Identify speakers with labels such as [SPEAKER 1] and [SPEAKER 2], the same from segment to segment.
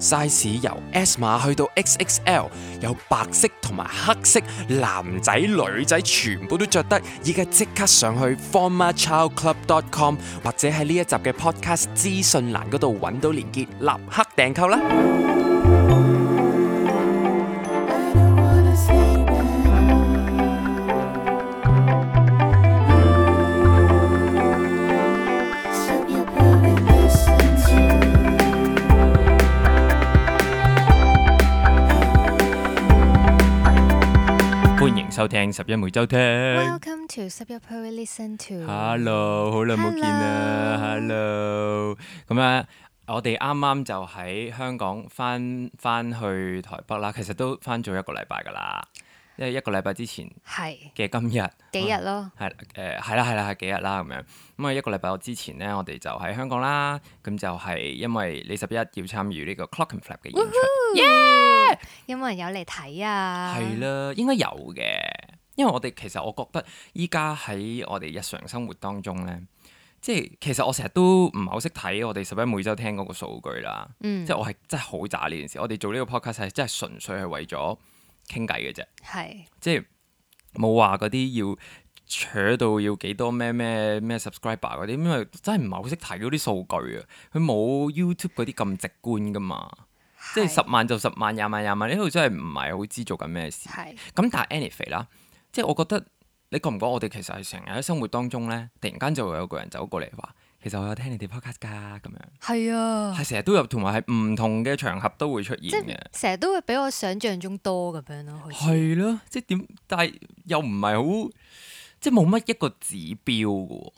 [SPEAKER 1] size 由 S 碼去到 XXL，有白色同埋黑色，男仔女仔全部都着得。依家即刻上去 formerchildclub.com 或者喺呢一集嘅 podcast 資訊欄嗰度揾到連結，立刻訂購啦！收聽拾壹每週聽。Welcome to
[SPEAKER 2] 十一派 Listen to
[SPEAKER 1] Hello。Hello，好耐冇見啦。Hello，咁啊，我哋啱啱就喺香港返返去台北啦，其實都返咗一個禮拜㗎喇。即係一個禮拜之前嘅今日，
[SPEAKER 3] 幾日咯？
[SPEAKER 1] 係誒、啊，係、嗯呃、啦，係啦，係幾日啦？咁樣咁啊，一個禮拜之前咧，我哋就喺香港啦。咁就係因為你十一要參與呢個 Clockenflap 嘅
[SPEAKER 2] 演出，有
[SPEAKER 3] 冇人有嚟睇啊？係
[SPEAKER 1] 啦，應該有嘅。因為我哋其實我覺得依家喺我哋日常生活當中咧，即係其實我成日都唔係好識睇我哋十一每周聽嗰個數據啦。嗯、即係我係真係好渣呢件事。我哋做呢個 podcast 係真係純粹係為咗。傾偈嘅啫，係是即係冇話嗰啲要扯到要幾多咩咩咩 subscriber 嗰啲，因為真係唔係好識睇嗰啲數據啊，佢冇 YouTube 嗰啲咁直觀噶嘛，是即係十萬就十萬，廿萬廿萬，呢度真係唔係好知做緊咩事。係咁是，但係 anyway 啦，即係我覺得你覺唔覺，我哋其實係成日喺生活當中咧，突然間就會有個人走過嚟話。其實我有聽你哋 Podcast 噶，咁樣
[SPEAKER 3] 係啊，係
[SPEAKER 1] 成日都有，有同埋係唔同嘅場合都會出現嘅，
[SPEAKER 3] 成日都會比我想象中多咁樣咯，係
[SPEAKER 1] 咯，啊，即係點？但係又唔係好，即係冇乜一個指標嘅，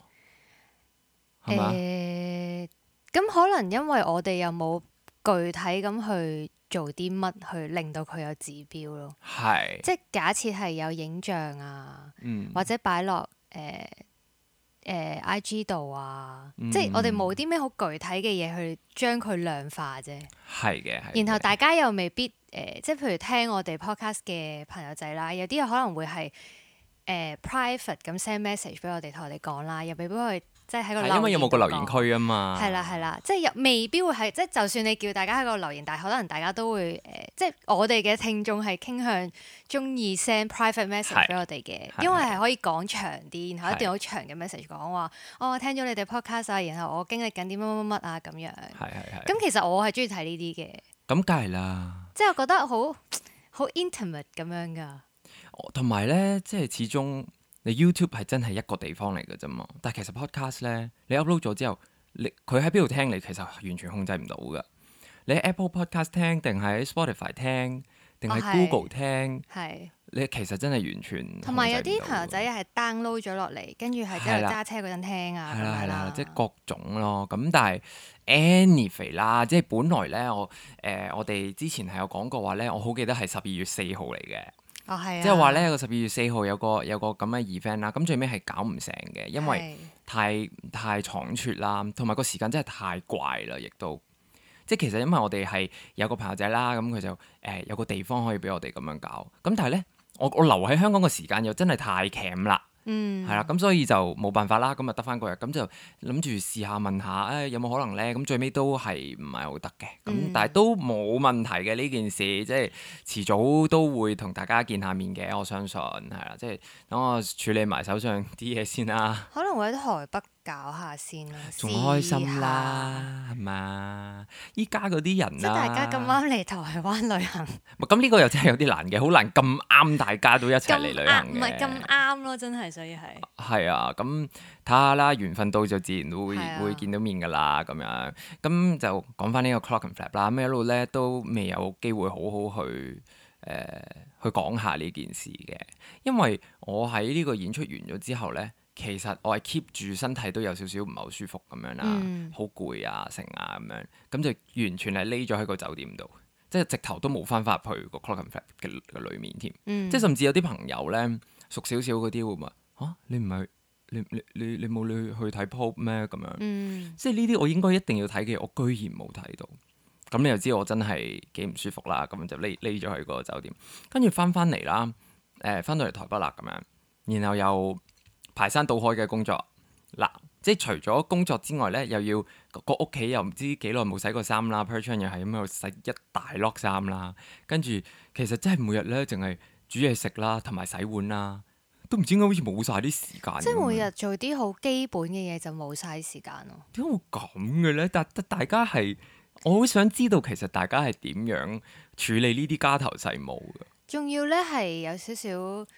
[SPEAKER 1] 係嘛？誒，
[SPEAKER 3] 咁，欸，可能因為我哋又冇具體咁去做啲乜去令到佢有指標咯，
[SPEAKER 1] 係，即係
[SPEAKER 3] 假設係有影像啊，
[SPEAKER 1] 嗯，或者
[SPEAKER 3] 擺落誒。欸誒、呃、IG 度啊，嗯、即係我哋冇啲咩好具體嘅嘢去將佢量化啫。
[SPEAKER 1] 係嘅，係。然後
[SPEAKER 3] 大家又未必誒、呃，即係譬如聽我哋 podcast 嘅朋友仔啦，有啲人可能會係誒、呃、private 咁 send message 俾我哋，同我哋講啦，又未必去。即係喺個留，因為有冇個
[SPEAKER 1] 留言區啊說嘛。係
[SPEAKER 3] 啦係啦，即係未必會係，即係就算你叫大家喺個留言，但係可能大家都會誒、呃，即係我哋嘅聽眾係傾向中意 send private message 俾是的 我哋嘅，是的 因為係可以講長啲，然後一段好長嘅 message 講話，是的 哦，我聽咗你哋 podcast 啊，然後我經歷緊啲乜乜乜啊咁樣。係係
[SPEAKER 1] 係。咁
[SPEAKER 3] 其實我係中意睇呢啲嘅。
[SPEAKER 1] 咁梗係啦。
[SPEAKER 3] 即係我覺得好好 intimate 咁樣㗎。
[SPEAKER 1] 同埋咧，即係始終。你 YouTube 係真係一個地方嚟嘅啫嘛，但係其實 Podcast 咧，你 upload 咗之後，你佢喺邊度聽你，其實完全控制唔到噶。你喺 Apple Podcast 聽，定喺 Spotify 聽，定係 Google 聽，哦、你其實真係完全，同埋有
[SPEAKER 3] 啲朋友仔係 download 咗落嚟，跟住係喺揸車嗰陣聽啊，咁樣啦，
[SPEAKER 1] 即係各種咯。咁但係 anyway 啦，即係本來咧，我誒、呃、我哋之前係有講過話咧，我好記得係十二月四號嚟嘅。哦，係、啊，即係話咧，個十二月四號有個有個咁嘅 event 啦，咁最尾係搞唔成嘅，因為太太倉促啦，同埋個時間真係太怪啦，亦都，即係其實因為我哋係有個朋友仔啦，咁佢就誒、欸、有個地方可以俾我哋咁樣搞，咁但係呢，我我留喺香港嘅時間又真係太 camp 啦。嗯，係啦，咁所以就冇辦法啦，咁啊得返個日，咁就諗住試，試問下問下，誒有冇可能呢？咁最尾都係唔係好得嘅，咁、嗯、但係都冇問題嘅呢件事，即係遲早都會同大家見下面嘅，我相信係啦，即係等我處理埋手上啲嘢先啦。
[SPEAKER 3] 可能我喺台北。搞下先啦，
[SPEAKER 1] 仲開心啦，係嘛下？依家嗰啲人啦、啊，大家咁
[SPEAKER 3] 啱嚟台灣旅行，
[SPEAKER 1] 咁呢 個又真係有啲難嘅，好難咁啱大家都一齊嚟旅行唔係咁
[SPEAKER 3] 啱咯，真係，所以係
[SPEAKER 1] 係啊。咁睇下啦，緣分到就自然都會、啊、會見到面噶啦，咁樣。咁就講翻呢個 Clockenflap 啦，咁一路咧都未有機會好好去誒、呃、去講下呢件事嘅，因為我喺呢個演出完咗之後咧。其實我係 keep 住身體都有少少唔係好舒服咁樣啦，好攰、嗯、啊、成啊咁樣咁就完全係匿咗喺個酒店度，即係直頭都冇翻翻去個 Clockenflap 嘅嘅裏面添。嗯、即係甚至有啲朋友咧熟少少嗰啲會問：嚇、啊、你唔係你你你冇去睇 pop 咩？咁樣、嗯、即係呢啲我應該一定要睇嘅，我居然冇睇到咁，你又知我真係幾唔舒服啦。咁就匿匿咗喺個酒店，跟住翻翻嚟啦。誒、呃，翻到嚟台北啦咁樣，然後又，排山倒海嘅工作嗱，即係除咗工作之外咧，又要個屋企又唔知幾耐冇洗過衫啦，Perchan 又係咁又洗一大碌衫啦，跟住其實真係每日咧淨係煮嘢食啦，同埋洗碗啦，都唔知點解好似冇晒啲時間。即係每日
[SPEAKER 3] 做啲好基本嘅嘢就冇晒時間咯。
[SPEAKER 1] 點解會咁嘅咧？但係大家係，我好想知道其實大家係點樣處理呢啲家頭細務
[SPEAKER 3] 嘅？仲要咧係有少少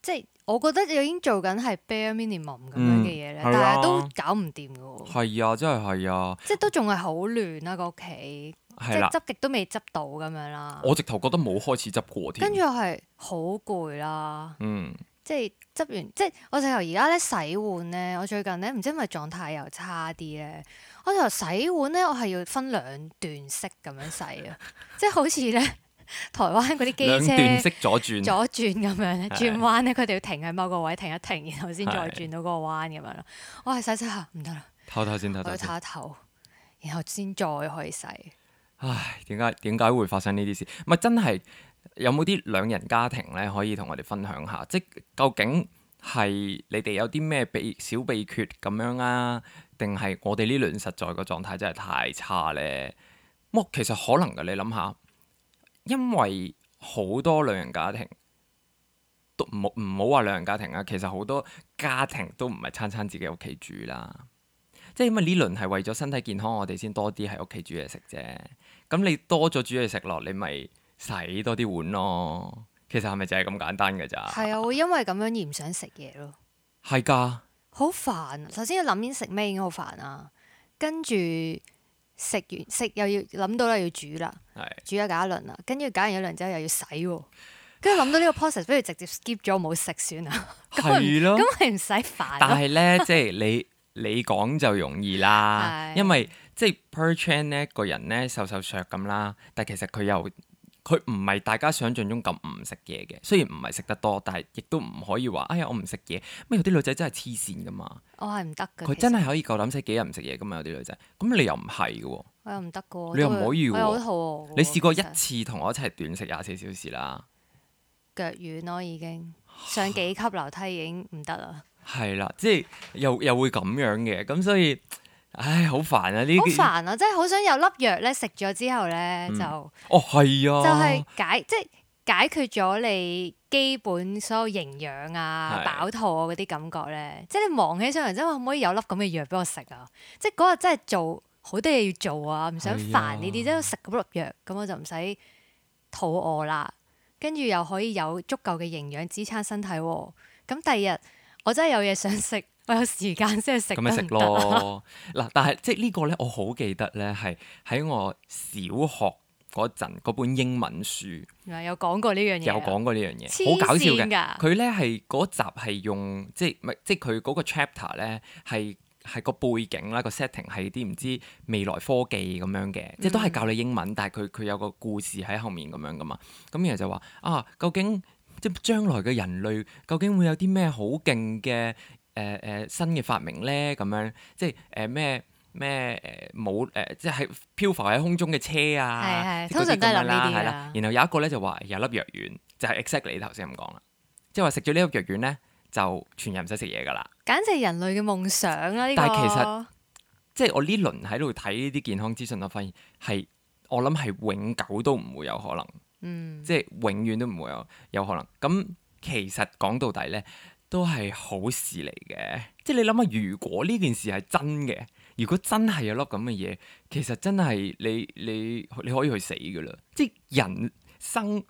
[SPEAKER 3] 即係。我覺得已經做緊係 bare minimum 咁樣嘅嘢咧，嗯啊、但係都搞唔掂嘅
[SPEAKER 1] 喎。係啊，真係係啊，即
[SPEAKER 3] 係、啊啊、都仲係好亂啊個屋企，即係執極都未執到咁樣啦。
[SPEAKER 1] 我直頭覺得冇開始執過添。跟住我
[SPEAKER 3] 係好攰啦，嗯，即係執完，即係我直頭而家咧洗碗咧，我最近咧唔知係咪狀態又差啲咧，我直頭洗碗咧，我係要分兩段式咁樣洗啊， 即係好似咧。台灣嗰啲機車，兩段式左轉，左轉咁樣，轉彎咧，佢哋要停喺某個位停一停，然後先再轉到嗰個彎咁樣咯。是的 哇，細細下唔得啦，
[SPEAKER 1] 唞、啊、唞先唞唞，改下
[SPEAKER 3] 唞，然後先再去洗。
[SPEAKER 1] 唉，點解點解會發生呢啲事？唔係真係有冇啲兩人家庭咧，可以同我哋分享下？即究竟係你哋有啲咩秘小秘訣咁樣啊？定係我哋呢輪實在個狀態真係太差咧？我其實可能噶，你諗下。因為好多兩人家庭都冇，唔好話兩人家庭啊，其實好多家庭都唔係餐餐自己屋企煮啦，即係因為呢輪係為咗身體健康我哋先多啲喺屋企煮嘢食啫，咁你多咗煮嘢食落，你咪洗多啲碗咯，其實係咪就係咁簡單噶咋？係
[SPEAKER 3] 啊，會因為咁樣而唔想食嘢咯，
[SPEAKER 1] 係噶的，
[SPEAKER 3] 好煩、啊，首先要諗面食咩已經好煩啊，跟住。食完食又要諗到啦，要煮啦，是的 煮咗搞一輪啦，跟住搞完一輪之後又要洗喎，跟住諗到呢個 process， 不如直接 skip 咗冇食算啦！係咯是的， 咁咪唔使煩。但係咧，即
[SPEAKER 1] 係你你講就容易啦，是的 因為 即係 Perchan 咧，trend，個人咧瘦瘦削咁啦，但係其實佢又～佢唔係大家想象中咁唔食嘢嘅，雖然唔係食得多，但係亦都唔可以話：哎呀，我唔食嘢。咩？有啲女仔真係黐線㗎嘛！
[SPEAKER 3] 我係唔得嘅，佢真係
[SPEAKER 1] 可以夠膽食幾日唔食嘢㗎嘛？有啲女仔，咁你又唔係嘅喎？我又唔
[SPEAKER 3] 得嘅喎，你又唔可以喎。你試過一
[SPEAKER 1] 次同我一齊斷食廿四小時啦，
[SPEAKER 3] 腳軟咯，已經上幾級樓梯已經唔得啦。
[SPEAKER 1] 係啦， 即係又又會咁樣嘅，咁所以。唉，好煩啊！呢啲好煩
[SPEAKER 3] 啊，真係好想有粒藥咧，食咗之後咧、嗯、就
[SPEAKER 1] 哦係呀，啊、就係
[SPEAKER 3] 解即係解決咗你基本所有營養啊飽肚嗰啲感覺咧，即係你忙起上嚟真係可唔可以有粒咁嘅藥俾我食啊？即係嗰日真係做好多嘢要做啊，唔想煩呢啲，即係食嗰粒藥，咁我就唔使肚餓啦，跟住又可以有足夠嘅營養支撐身體、啊。咁第二日我真係有嘢想食。我有時間先去食，咁咪食咯
[SPEAKER 1] 嗱。但係即係呢個咧，我好記得咧，係喺我小學嗰陣嗰本英文書
[SPEAKER 3] 有講過呢樣嘢，有講
[SPEAKER 1] 過呢樣嘢，好搞笑嘅。佢咧係嗰集係用即係唔係即係佢嗰個 chapter 咧係係個背景啦，個 setting 係啲唔知未來科技咁樣嘅，即係都係教你英文，但係佢佢有個故事喺後面咁樣噶嘛。咁然後就話啊，究竟即係將來嘅人類究竟會有啲咩好勁嘅？誒誒、呃，新嘅發明咧，咁樣即係誒咩咩誒冇誒，即係漂浮喺空中嘅車啊，係係的，通常都係諗呢啲嘅。然後有一個咧就話有粒藥丸，就係 exactly 你頭先咁講啦，即係話食咗呢粒藥丸咧，就全日唔使食嘢噶啦。
[SPEAKER 3] 簡直係人類嘅夢想啊！呢、這個、但係其實、嗯、
[SPEAKER 1] 即係我呢輪喺度睇呢啲健康資訊，我發現係我諗係永久都唔會有可能，嗯、即係永遠都唔會有有可能。咁其實講到底咧。呢都係好事嚟嘅，即係你諗下，如果呢件事係真嘅，如果真係有粒咁嘅嘢，其實真係你你你可以去死噶啦！即係人生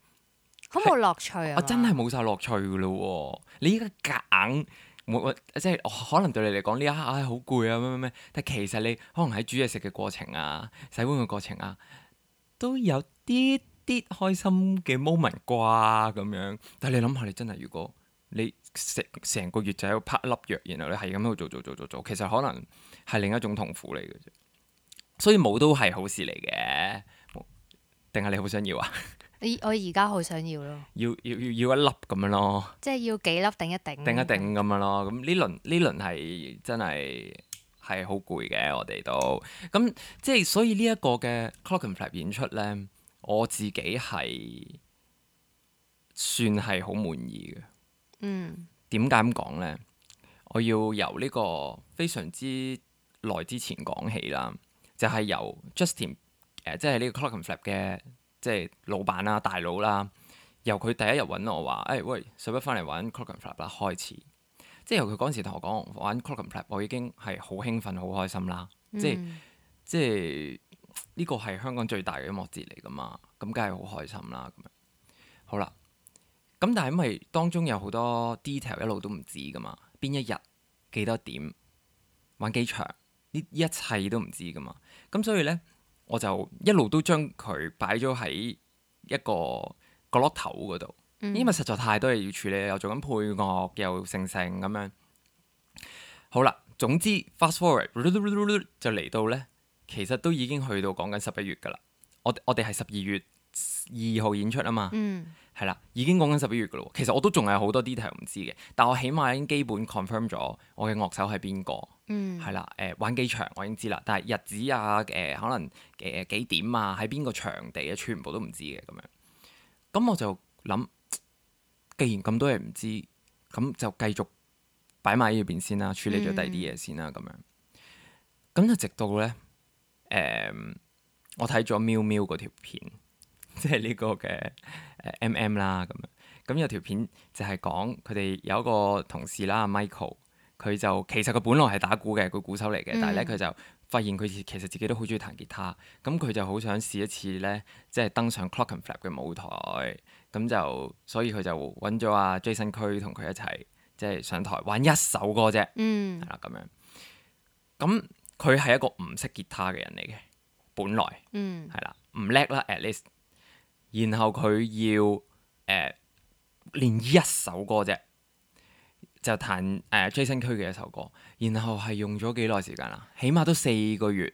[SPEAKER 3] 好冇樂趣啊！我真
[SPEAKER 1] 係冇晒樂趣噶咯，你依家夾硬冇我即係可能對你嚟講呢一刻唉好攰啊咩咩咩，但其實你可能喺煮嘢食嘅過程啊、洗碗嘅過程啊，都有啲啲開心嘅 moment 啩咁樣。但係你諗下，你真係如果你成成個月就喺度啪粒藥，然後你係咁喺度做做做做做，其實可能係另一種痛苦嚟嘅啫。所以冇都係好事嚟嘅，定係你好想要啊？
[SPEAKER 3] 我而家好想要咯 ，
[SPEAKER 1] 要要要一粒咁樣咯，
[SPEAKER 3] 即係要幾粒頂一頂，頂一
[SPEAKER 1] 頂咁樣咯。咁呢輪呢輪係真係係好攰嘅，我哋都咁即係，所以呢一個嘅 Clockenflap 演出咧，我自己係算係好滿意嘅。嗯，點解咁講咧？我要由呢個非常之耐之前講起啦，就係、是、由 Justin 誒、呃，即係呢個 Clockenflap 嘅即係、就是、老闆啦、啊、大佬啦、啊，由佢第一日揾我話，誒、欸、喂，使不返嚟玩 Clockenflap 啦、啊，開始。即係由佢嗰陣時同我講玩 Clockenflap，我已經係好興奮、好開心啦。嗯、即係即係呢個係香港最大嘅音樂節嚟㗎嘛，咁梗係好開心啦。咁樣好啦。咁但係因為當中有好多 detail 一路都唔知噶嘛，邊一日幾多點玩幾長，呢一切都唔知噶嘛。咁所以呢，我就一路都將佢擺咗喺一個角落頭嗰度，因為實在太多嘢要處理，又做緊配樂又成成咁樣。好啦，總之 fast forward 就嚟到呢，其實都已經去到講緊十一月噶啦。我我哋係十二月二號演出啊嘛。係啦，已經講緊十一月噶啦，其實我都仲係好多 detail 唔知嘅，但我起碼已經基本 confirm 咗我嘅樂手係邊個，嗯，係啦，誒、呃，玩幾場我已經知啦，但係日子啊，誒、呃，可能誒幾點啊，喺邊個場地啊，全部都唔知嘅咁樣，咁我就諗，既然咁多嘢唔知，咁就繼續擺埋呢邊先啦，處理咗第二啲嘢先啦咁、嗯、樣，咁就直到咧，誒、呃，我睇咗喵喵嗰條片。即係呢個嘅誒 M.M. 啦，咁樣咁有條片就係講佢哋有一個同事啦 ，Michael，佢就其實佢本來係打鼓嘅，個鼓手嚟嘅，但係咧佢就發現佢其實自己都好中意彈吉他，咁佢就好想試一次咧，即係登上 Clockenflap 嘅舞台，咁就所以佢就揾咗阿、啊、Jason 區同佢一齊即係上台玩一首歌啫，係啦咁樣。咁佢係一個唔識吉他嘅人嚟嘅，本來嗯，係啦唔叻啦，at least。嗯然後佢要誒練、呃、一首歌啫，就彈誒最新區嘅一首歌。然後係用咗幾耐時間啦？起碼都四個月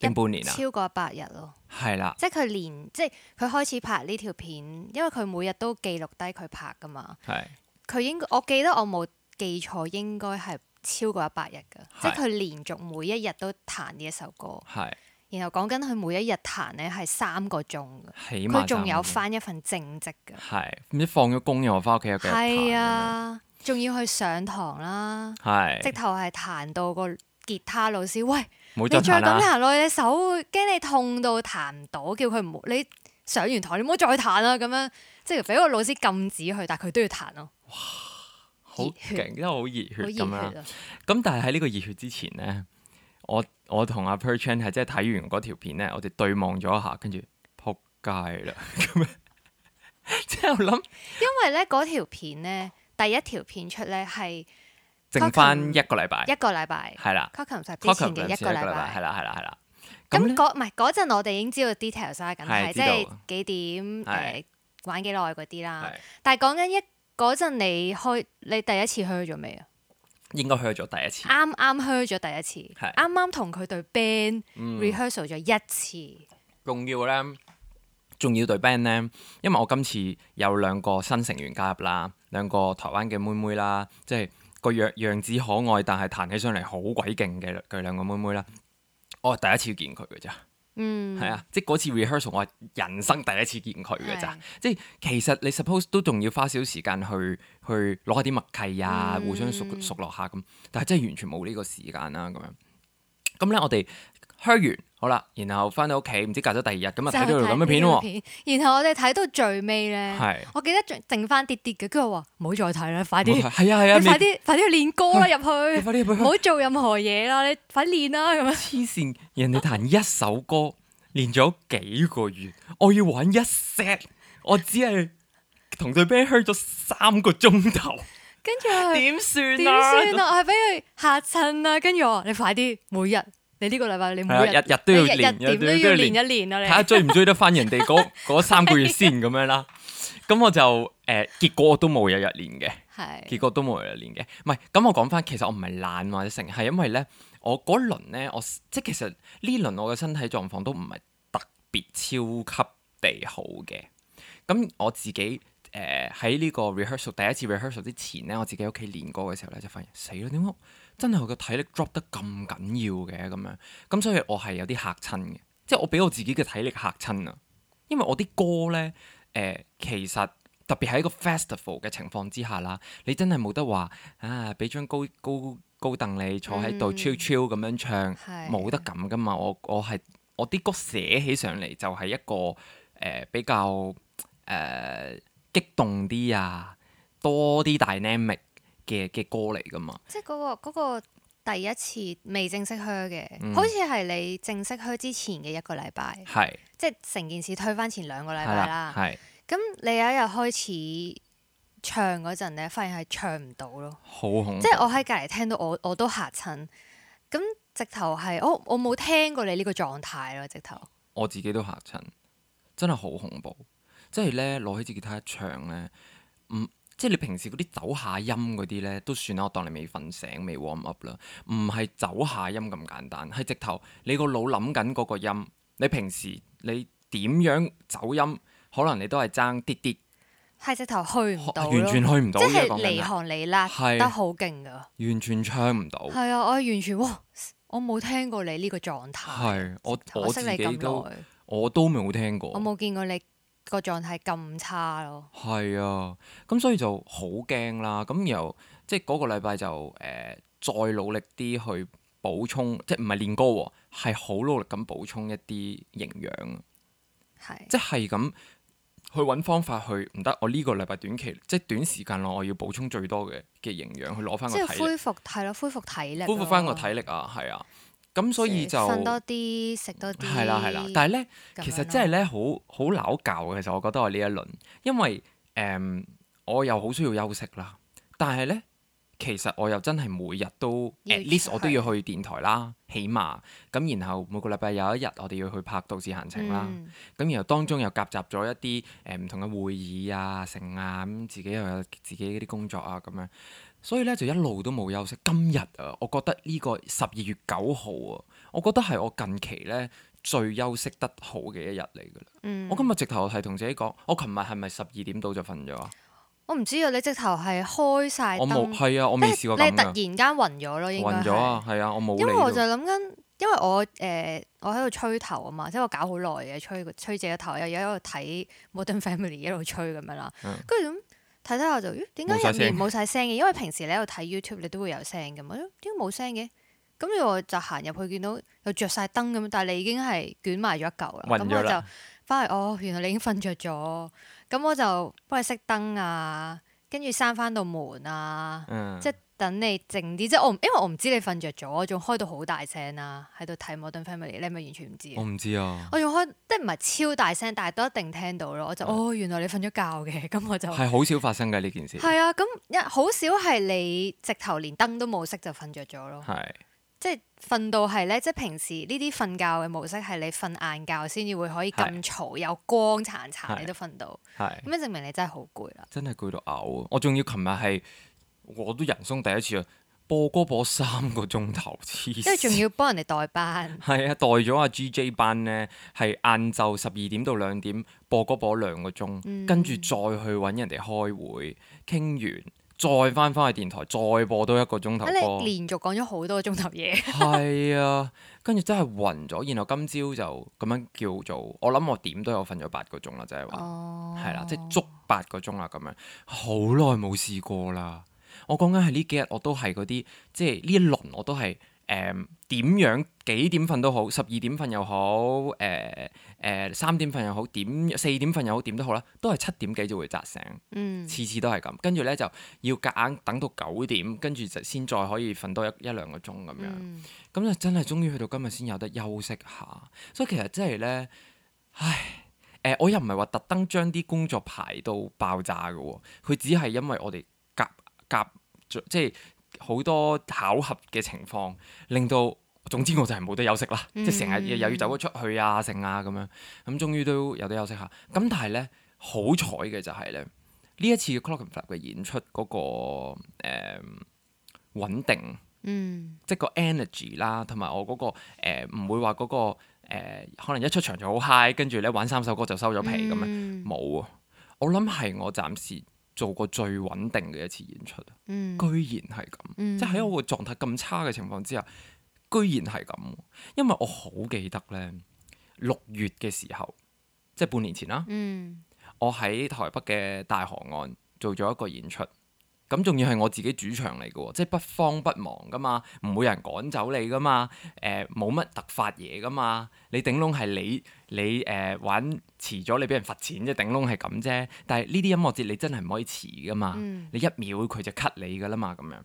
[SPEAKER 1] 定半年啦？超過一
[SPEAKER 3] 百日咯。係啦
[SPEAKER 1] 是的，即係
[SPEAKER 3] 佢連，即係佢開始拍呢條片，因為佢每日都記錄低佢拍噶嘛。係。佢應該，我記得我冇記錯，應該係超過一百日噶。是的 即係佢連續每一日都彈呢一首歌。係。然後講緊佢每一日彈咧係三個鐘，佢
[SPEAKER 1] 仲起碼 有翻
[SPEAKER 3] 一份正職
[SPEAKER 1] 嘅，係唔知放咗工又翻屋企一個
[SPEAKER 3] 日係啊，仲要去上堂啦，
[SPEAKER 1] 係直是頭
[SPEAKER 3] 係彈到個吉他老師，喂，
[SPEAKER 1] 再彈啊、你再咁彈
[SPEAKER 3] 落，你手會驚你痛到彈唔到，叫佢唔好。」你上完堂你唔好再彈啦、啊，咁樣即係俾個老師禁止佢，但係佢都要彈咯、
[SPEAKER 1] 啊。哇，好勁，因為好熱血咁、啊啊、但係喺呢個熱血之前咧。我我同阿 Perchan 係真係睇完嗰條片咧，我哋對望咗一下，跟住扑街啦，咁樣。 即係我
[SPEAKER 3] 諗，因為咧嗰條片咧，第一條片出咧係剩翻
[SPEAKER 1] 一個禮拜，一個禮拜係啦 Clockenflap 之前嘅一個禮拜係啦係啦係啦。咁
[SPEAKER 3] 嗰唔係陣我哋已經知道 details 啊，梗係即係幾點誒、呃、的玩幾耐嗰啲啦。的但係講緊一嗰陣你開你第一次 h 咗未啊？
[SPEAKER 1] 應該去咗第一次，啱
[SPEAKER 3] 啱去咗第一次，係啱啱同佢對 band rehearsal 咗、嗯、一次。
[SPEAKER 1] 重要咧，仲要對 band 咧，因為我今次有兩個新成員加入啦，兩個台灣嘅妹妹啦，即、就、係、是、個樣樣子可愛，但係彈起上嚟好鬼勁嘅佢兩個妹妹啦，我係第一次見佢嘅咋。嗯，係啊，即 係次 rehearsal，我人生第一次見佢嘅咋，是的 即係其實你 suppose 都仲要花少時間去去攞下啲默契啊，互相熟熟，熟落下咁，但係真係完全冇呢個時間啦咁樣，咁咧我哋 hurt 完。好啦，然後翻到屋企，唔知隔咗第二日咁啊，睇到條咁嘅片。片，
[SPEAKER 3] 然後我哋睇到最尾咧，我記得剩剩翻跌跌嘅，跟住我話唔好再睇啦，快啲係啊係啊，你快啲快啲去練歌啦入去，快啲去唔好做任何嘢啦，你快練啦咁樣。黐
[SPEAKER 1] 線！人哋彈一首歌練咗幾個月，我要玩一 set，我只係同對 band 咗三個鐘頭，跟住點算啊？點算啊？
[SPEAKER 3] 係俾佢吓親啊？跟住我話你快啲每日。你呢個禮拜你每日每日，日都要練一練啊，睇下追唔
[SPEAKER 1] 追得翻人哋嗰 三個月先咁樣啦。咁 對 我就誒、呃、結， 結果都冇日日練嘅，結果都冇日日練嘅。唔係，咁我講翻，其實我唔係懶或者剩，係因為咧，我嗰輪咧，我即係其實呢輪我嘅身體狀況都唔係特別超級地好嘅。咁我自己誒喺呢個 rehearsal 第一次 rehearsal 之前咧，我自己喺屋企練歌嘅時候咧，就發現死啦，點真係佢個體力 drop 得咁緊要嘅咁樣，咁所以我係有啲嚇親嘅，即係我俾我自己嘅體力嚇親啊！因為我啲歌咧，誒、呃、其實特別係一個 festival 嘅情況之下啦，你真係冇得話啊，俾張高高高凳你坐喺度、嗯、chill chill 咁樣唱，冇是得咁噶嘛！我我係我啲歌寫起上嚟就係一個誒、呃、比較誒、呃、激動啲啊，多啲 dynamic。嘅嘅歌嚟噶嘛，即、那
[SPEAKER 3] 個，即係嗰個個第一次未正式靴嘅，嗯、好似係你正式靴之前嘅一個禮拜。係，是 即係成件事推翻前兩個禮拜啦。係，咁你有一日開始唱嗰陣咧，發現係唱唔到咯，
[SPEAKER 2] 好恐！即係我
[SPEAKER 3] 喺隔籬聽到我，我都嚇到我都吓親。咁直頭係我我冇聽過你呢個狀態咯，直頭
[SPEAKER 1] 我自己都吓親，真係好恐怖。即係咧，攞起支吉他一唱咧，唔、嗯、～即係你平時嗰啲走下音嗰啲咧，都算啦，我當你未瞓醒，未 warm up 啦，唔係走下音咁簡單，係直頭你個腦諗緊嗰個音，你平時你點樣走音，可能你都係爭啲啲，
[SPEAKER 3] 係直頭去完全去唔到，即係離行離辣，得好勁噶，
[SPEAKER 1] 完全唱唔到。係
[SPEAKER 3] 啊，我係完全，哦、我我冇聽過你呢個狀態，
[SPEAKER 1] 我我識你咁耐，我都冇聽過，我
[SPEAKER 3] 冇見過你。個狀態咁差咯，
[SPEAKER 1] 係啊，咁所以就好驚啦。咁然後即係嗰個禮拜就誒、呃，再努力啲去補充，即係唔係練歌，係好努力咁補充一啲營養。
[SPEAKER 3] 係是，即
[SPEAKER 1] 係咁去揾方法去唔得。我呢個禮拜短期即係、就是、短時間咯，我要補充最多嘅嘅營養去攞翻個體力，恢
[SPEAKER 3] 復係咯，恢復體力，恢復翻個體
[SPEAKER 1] 力啊，係啊。咁、嗯、所以就瞓多
[SPEAKER 3] 啲食多啲，係啦係啦。但係咧，
[SPEAKER 1] 其實真係咧，好好拗撬嘅。其實我覺得我呢一輪，因為誒、嗯，我又好需要休息啦。但係咧，其實我又真係每日都 at least 要我都要去電台啦，的起碼咁。然後每個禮拜有一日我哋要去拍獨自行程啦。咁、嗯、然後當中又夾雜咗一啲誒唔同嘅會議啊、成啊咁，自己又有自己嗰啲工作啊咁樣。所以咧就一路都冇休息。今日啊，我覺得呢個十二月九號啊，我覺得係我近期咧最休息得好嘅一日嚟噶啦。我今日直頭係同自己講，我琴日係咪十二點到就瞓咗啊？
[SPEAKER 3] 我唔知啊，你直頭係開晒，我冇，係
[SPEAKER 1] 啊，我未試過你突然
[SPEAKER 3] 間暈咗咯，暈咗啊，
[SPEAKER 1] 係啊，我冇。因為我就諗
[SPEAKER 3] 緊，因、呃、為我誒我喺度吹頭啊嘛，即係我搞好耐嘅吹吹自己頭，又有喺度睇 Modern Family 一路吹咁、嗯、樣啦，跟住咁。睇睇下就，咦點解入面冇晒聲嘅？聲，因為平時你喺度睇 YouTube 你都會有聲嘅嘛，點解冇聲嘅？咁我就行入去見到又着晒燈咁，但係你已經係捲埋咗一嚿啦。咁了我就翻嚟，哦，原來你已經瞓着咗，咁我就幫你熄燈啊，跟住閂翻到門啊，嗯、即係。等你靜啲，即係我唔，因為我唔知你瞓着咗，仲開到好大聲啦，啊，喺度睇 Modern Family，你係咪完全唔知？我
[SPEAKER 1] 唔知啊，我
[SPEAKER 3] 仲開，即係唔係超大聲，但係都一定聽到咯。我就哦，哦，原來你瞓咗覺嘅，咁我就係好
[SPEAKER 1] 少發生嘅呢件事。係
[SPEAKER 3] 啊，咁一好少係你直頭連燈都冇熄就瞓着咗咯。
[SPEAKER 1] 係
[SPEAKER 3] 是，即係瞓到係咧，即係平時呢啲瞓覺嘅模式係你瞓晏覺先至會可以咁嘈又光殘殘，你都瞓到，係咁是 是 樣證明你真係
[SPEAKER 1] 好攰啦。真係攰到嘔，我仲要琴日係。我都人生第一次啊！播歌播三個鐘頭黐線，即係仲要
[SPEAKER 3] 幫人哋代班。
[SPEAKER 1] 係啊，代咗阿 GJ 班呢，係晏晝十二點到兩點播歌播兩個鐘，跟住、嗯、再去揾人哋開會傾完，再翻返去電台再播多一個鐘頭。咁你連
[SPEAKER 3] 續講咗好多鐘頭嘢。
[SPEAKER 1] 係 啊，跟住真係暈咗。然後今朝就咁樣叫做，我諗我點都有瞓咗八個鐘啦，就係話係啦，即係足八個鐘啦咁樣。好耐冇試過啦～我講緊係呢幾日，我都係嗰啲，即係呢一輪我都係誒點樣幾點瞓都好，十二點瞓又好，誒誒三點瞓又好，點四點瞓又好，點都好啦，都係七點幾就會扎醒，次次都係咁。跟住咧就要夾硬等到九點，跟住就先再可以瞓多一一兩個鐘咁樣。咁、嗯、就真係終於去到今日先有得休息下，所以其實真係咧，唉，誒我又唔係話特登將啲工作排到爆炸㗎喎，佢只係因為我哋。夾即係好多巧合嘅情況，令到總之我就係冇得休息啦，嗯、即係成日又要走咗出去啊、剩啊咁樣，咁終於都有得休息下。咁但係咧，好彩嘅就係、是、咧，呢一次嘅 Clockenflap 嘅演出嗰、那個誒、呃、穩定，嗯、即係個 energy 啦、那個，同埋我嗰個唔會話嗰個可能一出場就好嗨，跟住咧玩三首歌就收咗皮咁樣，冇啊、嗯嗯！我諗係我暫時。做過最穩定嘅一次演出，嗯、居然係咁，嗯、即係喺我個狀態咁差嘅情況之下，居然係咁。因為我好記得呢，六月嘅時候，即半年前啦，嗯、我喺台北嘅大河岸做咗一個演出。咁仲要係我自己主場嚟嘅，即係不慌不忙噶嘛，唔會有人趕走你噶嘛，誒冇乜突發嘢噶嘛，你頂籠係你你誒、呃、玩遲咗，你俾人罰錢啫，頂籠係咁啫。但係呢啲音樂節你真係唔可以遲噶嘛，嗯、你一秒佢就 cut 你噶啦嘛，咁樣。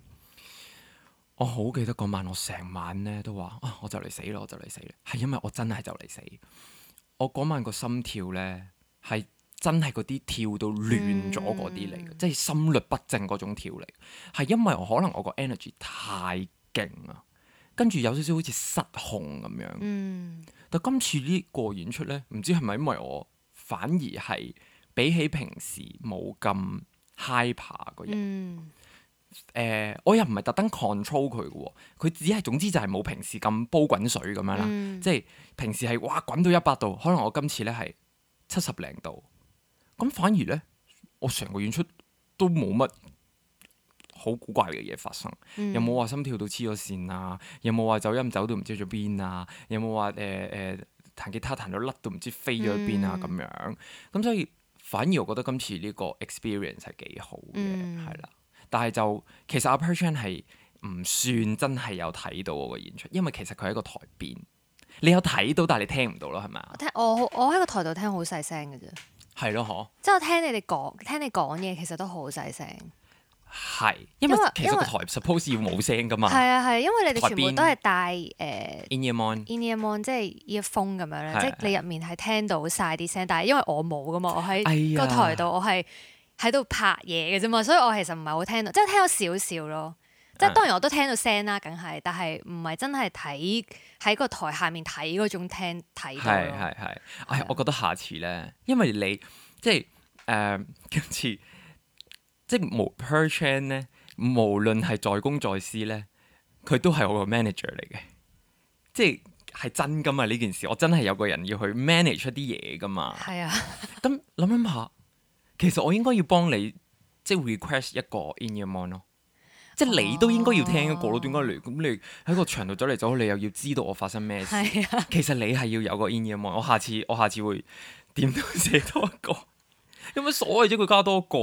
[SPEAKER 1] 我好記得嗰晚，我成晚咧都話啊，我就嚟死啦，我就嚟死啦，係因為我真係就嚟死。我嗰晚個心跳咧係。真係嗰啲跳到亂咗嗰啲嚟嘅，嗯、即係心律不正嗰種跳嚟，係因為我可能我個 energy 太勁啊，跟住有少少好似失控咁樣。嗯、但今次呢個演出呢，唔知係咪因為我反而係比起平時冇咁 hyper 個人。誒、嗯呃，我又唔係特登 control 佢嘅喎，佢只係總之就係冇平時咁煲滾水咁樣啦，嗯、即係平時係哇滾到一百度，可能我今次呢係七十零度。咁反而咧，我成個演出都冇乜好古怪嘅嘢發生，嗯、有冇話心跳到黐咗線啊，有冇話走音走到唔知去咗邊啊，有冇話誒誒彈吉他彈到甩到唔知到飛咗去邊啊咁、嗯、樣。咁所以反而我覺得今次呢個 experience 係幾好嘅，係啦、嗯。但係就其實阿 Perchan 係唔算真係有睇到我個演出，因為其實佢喺一個台邊，你有睇到但係你聽唔到咯，係咪
[SPEAKER 3] 啊？我我我喺個台度聽好細聲嘅啫。
[SPEAKER 1] 係咯，嗬！
[SPEAKER 3] 即 係樂我聽你哋講，聽你講嘢，其實都好細聲。
[SPEAKER 1] 係，因為，因為其實個台 suppose 要冇聲噶嘛。係啊為，係對，因
[SPEAKER 3] 為，因為你哋全部都係戴誒
[SPEAKER 1] in ear mon，in
[SPEAKER 3] ear mon，即係依個 phone 咁樣咧，即係對你入面係聽到晒啲聲。但係因為我冇噶嘛，我喺個台度，我係喺度拍嘢嘅啫嘛，所以我其實唔係好聽到，即係聽到少少咯。即係當然我都聽到聲啦，梗係，但係唔係真係睇喺個台下面睇嗰種聽睇咯。係
[SPEAKER 1] 係係，係、哎、我覺得下次咧，因為你即係誒、呃、今次即係無 Perchan 咧，無論係在公在私咧，佢都係我個 manager 嚟嘅，即係係真噶嘛呢件事，我真係有個人要去 manage 出啲嘢噶嘛。係
[SPEAKER 2] 是啊，
[SPEAKER 1] 咁諗諗下，其實我應該要幫你即係 request 一個 in your mind 咯。即係你都應該要聽一個、啊、一個過路端嗰段，點解咁你喺個場度走嚟走去，你又要知道我發生咩事。是啊、其實你係要有個 in 嘅，我下次我下次會點都寫多一個， 有乜所謂啫？佢加多個，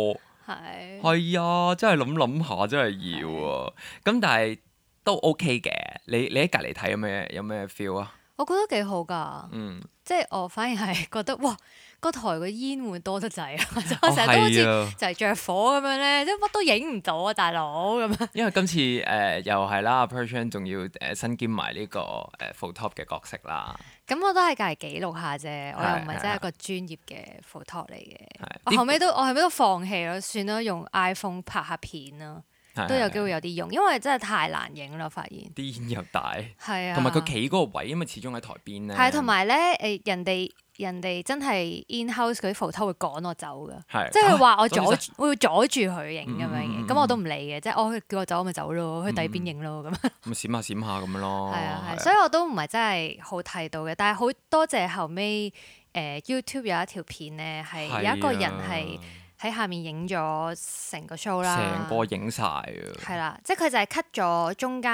[SPEAKER 3] 係係是
[SPEAKER 1] 啊，真係諗諗下，真係要啊。咁是 但係都 OK 嘅，你你喺隔離睇有咩有咩 feel 啊？
[SPEAKER 3] 我覺得幾好㗎。嗯。即係我反而係覺得，哇個台個煙會多得滯啊！哦、 我成日都好似
[SPEAKER 1] 就係
[SPEAKER 3] 着火咁樣咧，即係乜都影唔到啊，大佬咁樣。
[SPEAKER 1] 因為今次誒、呃、又係啦，阿 Perchan 仲要誒身兼埋、這、呢個誒副 top 嘅角色啦。
[SPEAKER 3] 咁我都係隔嚟記錄下啫，我又唔係真係一個專業嘅副 top 嚟嘅。我後尾都我後尾都放棄咯，算啦，用 iPhone 拍下片啦。都有機會有啲用，因為真係太難影啦！發現
[SPEAKER 1] 煙又大，係啊，同埋佢企嗰個位，因為始終喺台邊咧。係同
[SPEAKER 3] 埋咧，誒人哋人哋真係 in house 佢啲 photo 會趕我走㗎，係即係佢話我阻住，會阻住佢影咁樣嘅，咁我都唔理嘅，即係我叫我走我咪走咯，去底邊影咯咁。
[SPEAKER 1] 咁閃下閃下咁樣咯，係啊係，所
[SPEAKER 3] 以我都唔係真係好睇到嘅。但係好多謝後尾誒 YouTube 有一條片咧，係有一個人係。喺下面影咗成個 show 啦，成個
[SPEAKER 1] 影晒，啊！係
[SPEAKER 3] 啦，即係佢就係 cut 咗中間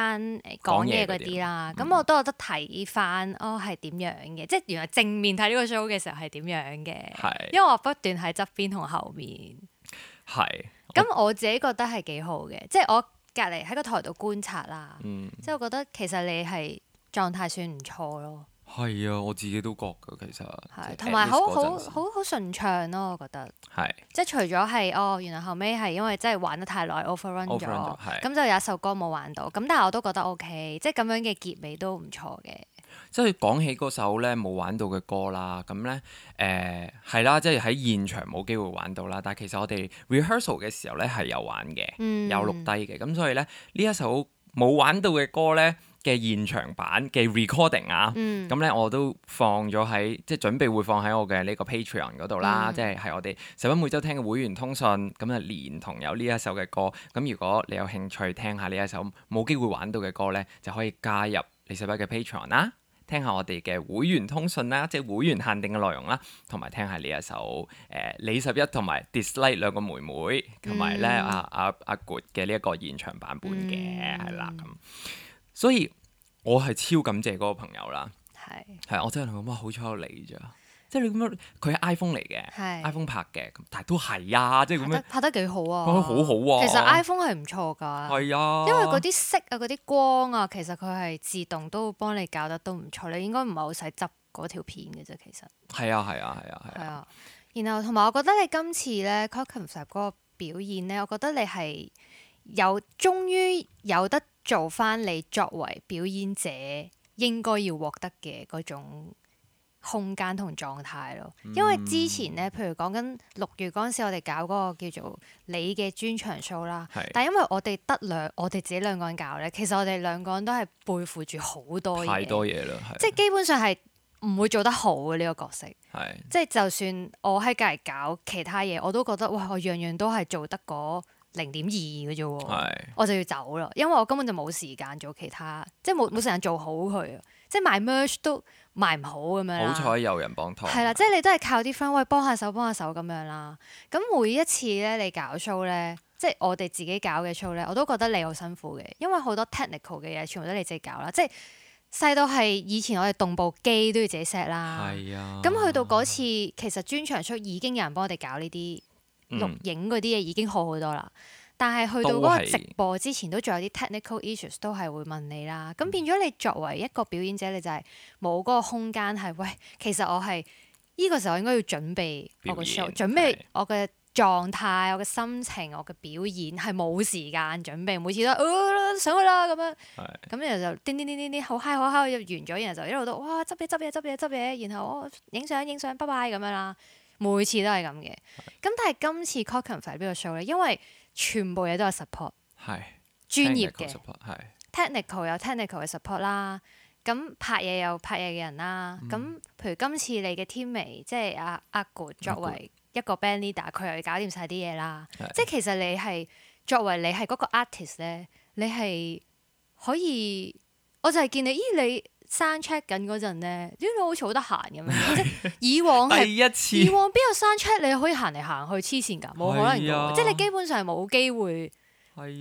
[SPEAKER 3] 講嘢嗰啲啦。咁、嗯、我都有得睇翻，哦係點樣嘅？嗯、即係原來正面睇呢個 show 嘅時候係點樣嘅？係因為我不斷喺側邊同後面。
[SPEAKER 1] 係。
[SPEAKER 3] 咁我自己覺得係幾好嘅，即係、嗯、我隔離喺個台度觀察啦。即係、嗯、我覺得其實你係狀態算唔錯咯。
[SPEAKER 1] 係啊，我自己都覺噶，其實係同埋好好
[SPEAKER 3] 好好順暢咯，我覺得係係即係除咗係哦，原來後尾係因為真係玩得太耐 overrun 咗，咁就有一首歌冇玩到，咁但係我都覺得 OK，即係咁樣嘅結尾都唔錯嘅。
[SPEAKER 1] 即係講起嗰首咧冇玩到嘅歌啦，咁咧誒係啦，即係喺現場冇機會玩到啦。但係其實我哋 rehearsal 嘅時候咧係有玩嘅，嗯、有錄低嘅，咁所以咧呢一首冇玩到嘅歌咧，嘅現場版嘅 recording 啊，咁呢、嗯、我都放咗喺即係準備會放喺我嘅呢個 patreon 嗰度啦，嗯、即係喺我哋拾壹每週聽嘅會員通訊，咁啊連同有呢一首嘅歌，咁如果你有興趣聽下呢一首冇機會玩到嘅歌呢，就可以加入李拾壹嘅 patreon 啦，聽下我哋嘅會員通訊啦，即係會員限定嘅內容啦，同埋聽下呢一首誒、呃、李拾壹同埋 dislike 兩個妹妹同埋呢阿阿阿 good 嘅呢一個現場版本嘅係、嗯嗯、啦咁。嗯所以我係超感謝嗰個朋友啦，係係是我真係同佢講，哇，好彩有你咋。即係你咁樣，佢 iPhone 嚟嘅是，iPhone 拍嘅，但係都係啊！即係咁樣
[SPEAKER 3] 拍得幾好啊，好
[SPEAKER 1] 好啊！其實 iPhone
[SPEAKER 3] 係唔錯㗎，係啊，
[SPEAKER 1] 因為嗰啲
[SPEAKER 3] 色啊、嗰啲光啊，其實佢係自動都幫你搞得都唔錯，你應該唔係好使執嗰條片嘅啫，其實
[SPEAKER 1] 係啊，係啊，係啊，係啊，
[SPEAKER 3] 啊啊然後同埋我覺得你今次咧 Clockenflap 嗰個表演咧，我覺得你係有終於有得。做翻你作為表演者應該要獲得嘅嗰種空間同狀態咯，因為之前咧，嗯、譬如講緊六月嗰陣時，我哋搞嗰個叫做你嘅專場 show 啦，是但因為我哋得兩，我哋自己兩個人搞咧，其實我哋兩個人都係背負住好多嘢，太多
[SPEAKER 1] 嘢啦，即係基
[SPEAKER 3] 本上係唔會做得好嘅呢個角色，即係是就,就算我喺隔籬搞其他嘢，我都覺得哇，我樣樣都係做得嗰。零點二嘅啫喎，是的 我就要走啦，因為我根本就冇時間做其他，即係冇冇時間做好佢，即係賣 merch 都賣唔好咁樣，好彩
[SPEAKER 1] 有人幫拖，係啦了，即
[SPEAKER 3] 係你都係靠啲 friend 喂幫下手幫下手咁樣啦。咁每一次咧你搞 show 咧，即係我哋自己搞嘅 show 咧，我都覺得你好辛苦嘅，因為好多 technical 嘅嘢全部都你自己搞啦，即係細到係以前我哋動部機都要自己 set 啦。係
[SPEAKER 2] 啊，咁去
[SPEAKER 3] 到嗰次，其實專場 show 已經有人幫我哋搞呢啲。錄影嗰啲嘢已經好好多啦，但係去到嗰個直播之前都仲是有啲 technical issues，都係會問你啦。咁變咗你作為一個表演者，你就係冇嗰個空間係喂，其實我係呢、這個時候應該要準備我嘅 show，演準備我嘅狀態、是 我嘅心情、我嘅表演係冇時間準備，每次都上去啦咁樣，咁是是 然後就叮叮叮叮叮好嗨好嗨入完咗，然後就一路都哇執嘢執嘢執嘢執嘢，然後我影相影相，拜拜 e 咁樣啦。每次都係咁嘅，咁但係今次 Clockenflap 呢個 show 咧，因為全部嘢都有 support，
[SPEAKER 1] 係專業嘅
[SPEAKER 3] ，technical 有 technical 嘅 support 啦，咁拍嘢有拍嘢嘅人啦，咁譬如今次你嘅 teammate，即係阿阿 Good 作為一個 band leader，佢又要搞掂曬啲嘢啦，即係其實你係作為你係嗰個 artist 咧，你係可以，我就係見你，咦你？生 check 緊嗰陣咧，咦，你好似好得閒咁樣？ 即以往係，
[SPEAKER 1] 一次 以往
[SPEAKER 3] 邊個生 check 你可以行嚟行去黐線㗎，冇可能
[SPEAKER 2] 㗎，
[SPEAKER 1] 是啊、即係你基
[SPEAKER 3] 本上係冇機會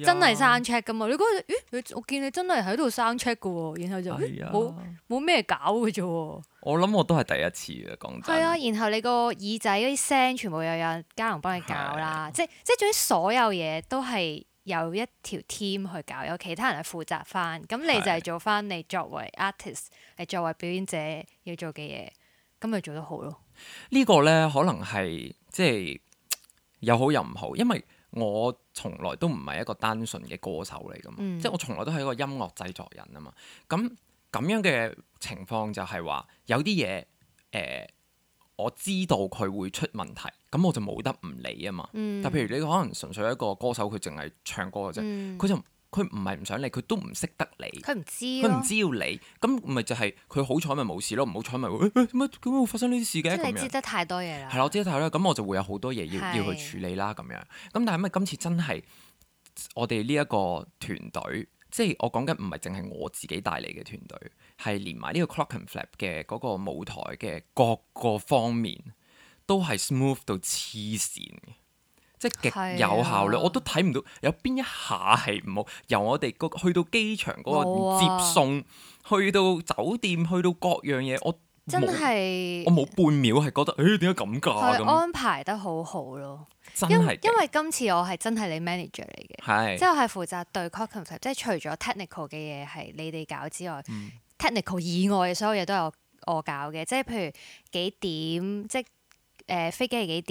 [SPEAKER 3] 真，真係生 check 噶嘛？你嗰陣，咦？我見你真係喺度生 check 嘅喎，然後就冇冇咩搞嘅啫。
[SPEAKER 1] 我諗我都係第一次啊，講真。係啊，
[SPEAKER 3] 然後你個耳仔嗰啲聲全部又有嘉龍幫你搞啦是、啊，即即總之所有嘢都係。有一條 team 去搞，有其他人係負責翻，咁你就係做翻你作為 artist，是你作為表演者要做嘅嘢，咁咪做得好咯。
[SPEAKER 1] 呢個呢，可能係即係有好又唔好，因為我從來都唔係一個單純嘅歌手嚟㗎嘛，嗯、即係我從來都係一個音樂製作人啊嘛。咁咁樣嘅情況就係話有啲嘢誒。呃我知道佢會出問題，咁我就冇得唔理啊嘛。嗯、但譬如你可能純粹一個歌手，佢淨係唱歌嘅啫，佢、嗯、就佢唔係唔想理，佢都唔識得理。佢唔知，佢唔知要理。咁咪就係佢好彩咪冇事咯，唔好彩咪乜點會發生呢啲事嘅？你知得
[SPEAKER 3] 太多嘢啦。
[SPEAKER 1] 係我知得太多啦，咁我就會有好多嘢要的要去處理啦，咁樣。咁但係因為今次真係我哋呢一個團隊，即係我講緊唔係淨係我自己帶嚟嘅團隊。係連埋呢個 Clockenflap 嘅嗰個舞台嘅各個方面，都係 smooth 到黐線嘅，即係極有效率。是啊、我都睇唔到有邊一下係唔好。由我哋去到機場嗰個接送，我啊、去到酒店，去到各樣嘢，我真係的我冇半秒係覺得，誒點解咁㗎？安
[SPEAKER 3] 排得好好咯，
[SPEAKER 1] 因為,的因
[SPEAKER 3] 為今次我係真係你 manager 嚟嘅，的即係我係負責對 Clockenflap，即係除咗 technical 嘅嘢係你哋搞之外。嗯 technical 意外嘅所有嘢都係我我搞嘅，即係譬如幾點，即係誒、呃、飛機係幾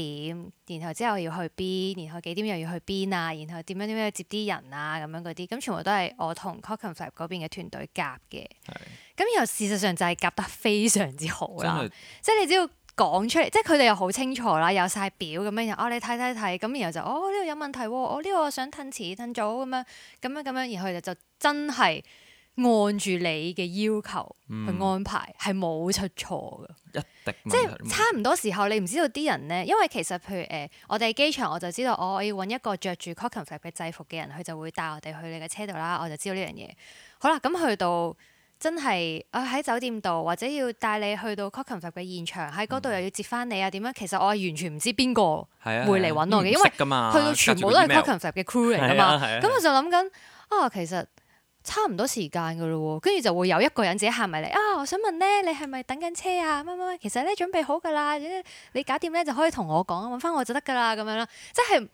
[SPEAKER 3] 點，然後之後要去邊，然後幾點又要去邊啊，然後點樣點樣去接啲人啊，咁樣嗰啲，咁全部都係我同 Clockenflap 嗰邊嘅團隊夾嘅。係是。咁然後事實上就係夾得非常之好啦。的即係你只要講出嚟，即係佢哋又好清楚啦，有晒表咁樣嘢。哦，你睇睇睇，咁然後就哦呢個有問題喎，哦、我呢個想褪遲褪早咁樣，咁樣咁樣，然後就就真係。按住你嘅要求去安排，係冇出錯嘅，一
[SPEAKER 2] 定。即係差
[SPEAKER 3] 唔多時候，你唔知道啲人咧，因為其實譬如誒，我哋機場我就知道，我我要揾一個着住 Clockenflap 嘅制服嘅人，佢就會帶我哋去你嘅車度啦，我就知道呢樣嘢。好啦，咁去到真係啊喺酒店度，或者要帶你去到 Clockenflap 嘅現場，喺嗰度又要接翻你啊點樣？其實我係完全唔知邊個會嚟揾我嘅，因為去到全部都係 Clockenflap 嘅 crew 嚟噶嘛。咁我就諗緊啊，其實。差唔多時間㗎咯喎，跟住就會有一個人自己行埋嚟啊！我想問咧，你係咪等緊車啊？乜乜乜，其實咧準備好㗎啦，你搞掂咧就可以同我講，揾翻我就得㗎啦，咁樣囉，即係。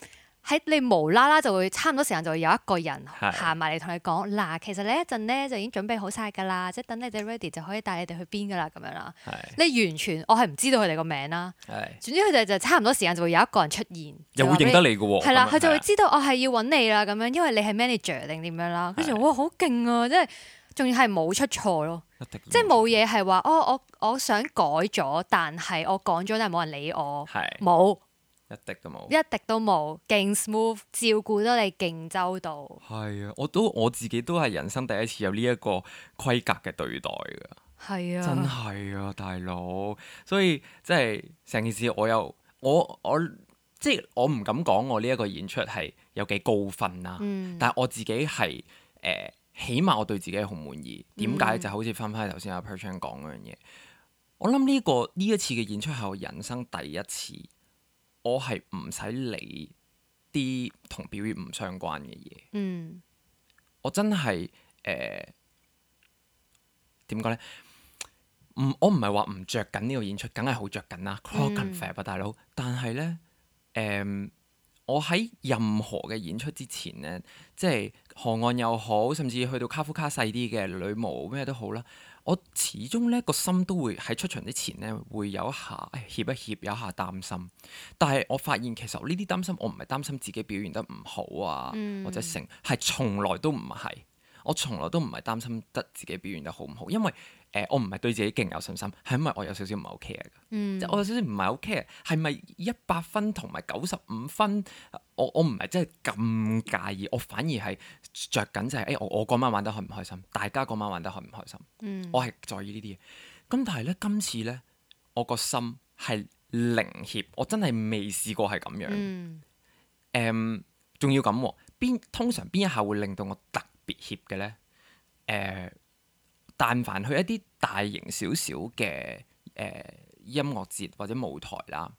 [SPEAKER 3] 喺你無啦啦就會差唔多時間，就會有一個人行埋嚟同你講嗱，是的 其實你一陣咧就已經準備好晒㗎啦，即係等你哋 ready 就可以帶你哋去邊㗎啦，咁樣啦。
[SPEAKER 2] 是
[SPEAKER 1] 的
[SPEAKER 3] 你完全，我係唔知道佢哋個名啦。係。是的 總之佢哋就差唔多時間就會有一個人出現。又會認得你
[SPEAKER 1] 㗎喎。哦。係啦，佢就會知
[SPEAKER 3] 道我係要揾你啦咁樣，因為你係 manager 定點樣啦。跟住我話好勁啊，即係仲要係冇出錯咯，是的
[SPEAKER 1] 即係冇
[SPEAKER 3] 嘢係話哦，我我想改咗，但係我講咗但係冇人理我，
[SPEAKER 1] 冇。是的 一滴都冇，一
[SPEAKER 3] 滴都冇，勁 smooth，照顧得你勁周到。
[SPEAKER 1] 係啊，我都我自己都係人生第一次有呢一個規格嘅對待㗎。
[SPEAKER 2] 係啊，真係
[SPEAKER 1] 啊，大佬，所以即係成件事我有，我又我即我即係我唔敢講我呢一個演出係有幾高分啦、啊。嗯、但係我自己係誒、呃，起碼我對自己好滿意。點解？嗯、就好似翻翻頭先阿 Per Chan 講嗰樣嘢，我諗呢、這個呢一次嘅演出係我人生第一次。我係唔使理啲同表演唔相關嘅嘢。
[SPEAKER 2] 嗯，
[SPEAKER 1] 我真係誒點講咧？唔、呃，我唔係話唔着緊呢個演出，梗係好着緊啦。Clockenflap 大佬！嗯、但係咧，誒、呃，我喺任何嘅演出之前咧，即係河岸又好，甚至去到卡夫卡細啲嘅女模咩都好啦。我始終咧個心都會喺出場之前咧會有一下怯一怯，有一下擔心。但係我發現其實呢啲擔心，我唔係擔心自己表現得唔好啊，嗯、或者成係從來都唔係。我從來都唔係擔心得自己表現得好唔好，因為誒、呃，我唔係對自己勁有信心，係因為我有少少唔係 OK。嘅、嗯，即我有少少唔係 OK，a 係咪一百分同埋九十五分？我我唔係真係咁介意，我反而係着緊就係誒，我我嗰晚玩得開唔開心，大家嗰晚玩得開唔開心，嗯、我係在意呢啲嘢。咁但係咧，今次咧，我個心係零怯，我真係未試過係咁樣。誒、嗯，仲、um，要咁邊、啊、通常邊一下會令到我突協嘅咧，誒、呃，但凡去一啲大型少少嘅，誒音樂節或者舞台啦，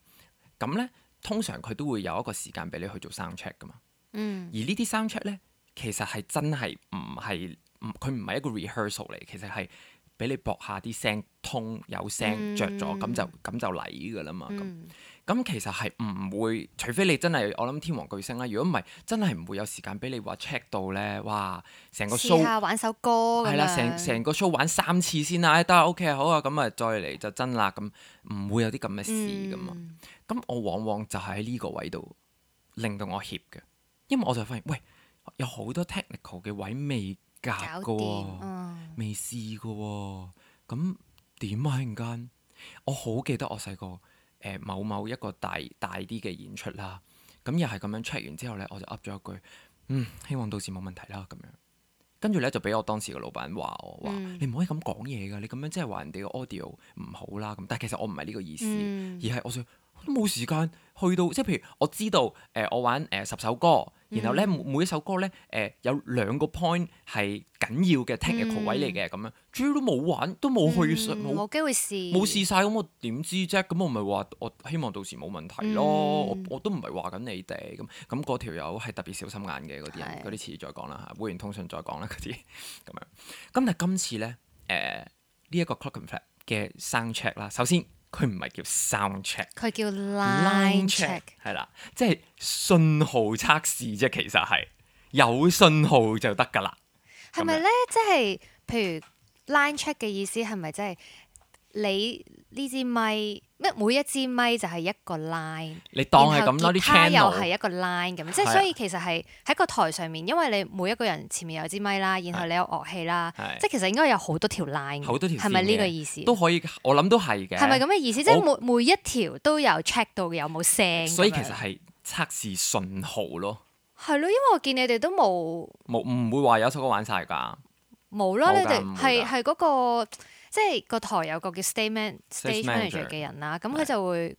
[SPEAKER 1] 咁咧通常佢都會有一個時間俾你去做 sound check 噶嘛。嗯,而呢啲 sound check 咧，其實係真係唔係，佢唔係一個 rehearsal 嚟，其實係俾你搏下啲聲、嗯、通有聲着咗，咁就咁就嚟噶啦嘛。嗯咁其實係唔會，除非你真係我諗天王巨星啦。如果唔係，真係唔會有時間俾你話 check 到咧。哇，成個 show
[SPEAKER 3] 玩首歌
[SPEAKER 2] 係啦，成成整
[SPEAKER 1] 個 show 玩三次先啦。哎得、啊、，OK 好啊，咁啊再嚟就真啦。咁唔會有啲咁嘅事噶嘛。咁、嗯、我往往就喺呢個位度令到我怯嘅，因為我就發現，喂，有好多 technical 嘅位未夾過、嗯、未試過喎。咁點啊？忽然間，我好記得我細個。誒某某一個大大啲嘅演出啦，咁又係咁樣 check 完之後咧，我就噏咗一句，嗯，希望到時冇問題啦咁樣。跟住咧就俾我當時個老闆我、嗯、話我話，你唔可以咁講嘢㗎，你咁樣即係話人哋嘅 audio 唔好啦咁，但係其實我唔係呢個意思，嗯、而係我想。都冇時間去到，即係譬如我知道，誒、呃，我玩誒十、呃、首歌，然後咧、嗯、每一首歌咧，誒、呃、有兩個 point 係緊要嘅 technical、嗯、位嚟嘅，咁樣，主要都冇玩，都冇去，冇冇
[SPEAKER 3] 機會試，冇試
[SPEAKER 1] 晒。咁沒我點知啫？咁我咪話我希望到時冇問題咯、嗯。我我都唔係話緊你哋，咁咁嗰條友係特別小心眼嘅嗰啲人，嗰啲的次再講啦，嚇，會員通訊再講啦，嗰啲咁樣。咁但係今次咧，誒呢一個 Clockenflap 嘅生 check 啦，首、嗯、先。佢唔係叫 sound check，
[SPEAKER 3] 佢叫 line check，
[SPEAKER 1] 係啦，即係信號測試啫，其實係有信號就得㗎啦。
[SPEAKER 3] 係咪咧？咁樣。即係譬如 line check 嘅意思係咪即係？你呢支咪，咩？每一支咪就係一個 line。你當係咁多啲結他又係一個 line 咁，即係所以其實係喺個台上面，因為你每一個人前面有支咪啦，然後你有樂器啦，即係其實應該有好多條 line。好多條，係咪呢個意思？都
[SPEAKER 1] 可以，我諗都係嘅。係咪咁嘅意思？即係每
[SPEAKER 3] 每一條都有 check 到有冇聲。所以其實
[SPEAKER 1] 係測試信號咯。
[SPEAKER 3] 係咯，因為我見你哋都冇
[SPEAKER 1] 冇唔會話有首歌玩晒㗎。
[SPEAKER 3] 冇啦，你哋係係嗰個。即係個台有個叫 statement stage manager 嘅人啦，咁佢就會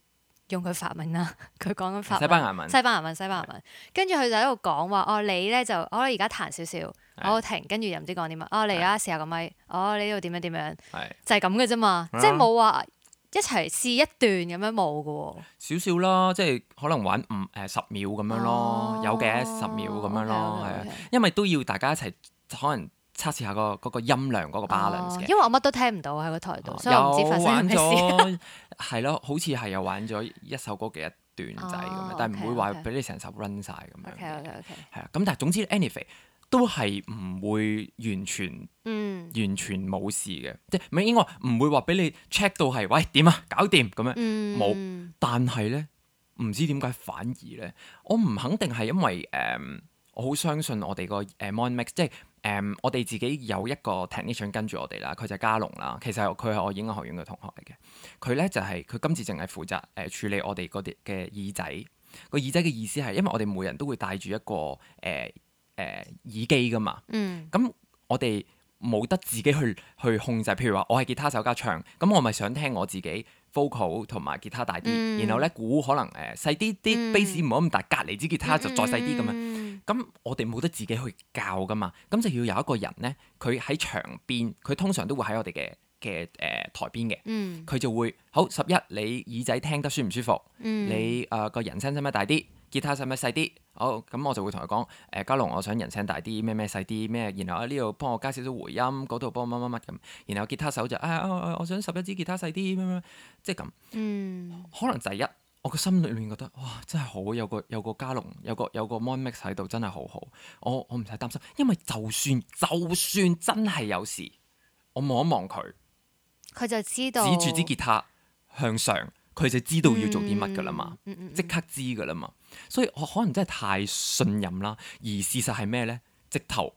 [SPEAKER 3] 用佢法文啦。佢講緊法西班牙文，西班牙文，西班牙文。跟住佢就喺度講話：哦，你咧就我而家彈少少，我停，跟住又唔知講點啊！哦，你而家試下個咪，哦，你呢度點樣點樣？就係咁嘅啫嘛，即係冇話一齊試一段咁樣冇嘅喎。
[SPEAKER 1] 少少咯，即係可能玩五誒十秒咁樣咯，有嘅十秒咁樣咯，係啊，因為都要大家一齊可能。測試下個嗰音量嗰、oh, 個 balance 嘅，因
[SPEAKER 3] 為我乜都聽唔到喺個台度，oh, 所以唔知發生咩事。玩了 又
[SPEAKER 1] 玩咗係咯，好似係又玩咗一首歌嘅一段仔咁樣，但係唔會話俾你成首 run 晒咁樣。OK OK OK, 係啊。咁但係總之 anything、anyway, 都係唔會完全，mm. 完全冇事嘅，即係唔應該唔會話俾你 check 到係喂點啊搞掂咁樣。冇、mm.。但係咧唔知點解反而咧，我唔肯定係因為誒、呃，我好相信我哋個誒 mon mix 即係。誒，um, 我哋自己有一個 technician 跟住我哋啦，佢就係加隆啦。其實佢係我演藝學院嘅同學嚟嘅。佢咧就係、是、佢今次淨係負責誒、呃、處理我哋嗰啲嘅耳仔。個耳仔嘅意思係因為我哋每人都會戴住一個誒誒、呃呃、耳機噶嘛。嗯。咁我哋冇得自己去去控制。譬如話我係吉他手加唱，咁我咪想聽我自己 vocal 同埋吉他大啲。嗯、然後咧鼓可能誒細啲啲 bass 唔好咁大，隔離支吉他就再細啲咁樣。嗯嗯嗯。咁我哋冇得自己去教噶嘛，咁就要有一個人咧，佢喺牆邊，佢通常都會喺我哋嘅嘅誒台邊嘅，佢、嗯、就會好十一，你耳仔聽得舒唔舒服？嗯、你誒個、呃、人聲使唔使大啲？吉他使唔使細啲？好咁我就會同佢講誒，嘉、呃、龍，我想人聲大啲，咩咩細啲，咩然後喺呢度幫我加少少回音，嗰度幫我乜乜乜咁，然後吉他手就啊我想十一支吉他細啲咩咩。什麼什麼」即係咁，嗯、可能就係一。我個心裏面覺得，哇！真係好有個有個加隆有個有個 Monmix 喺度，真係好好。我我唔使擔心，因為就算就算真係有事，我望一望佢，
[SPEAKER 3] 佢就知道指住支吉
[SPEAKER 1] 他向上，佢就知道要做啲乜㗎喇嘛，即、嗯嗯嗯、刻知㗎喇嘛。所以我可能真係太信任啦。而事實係咩呢？直頭。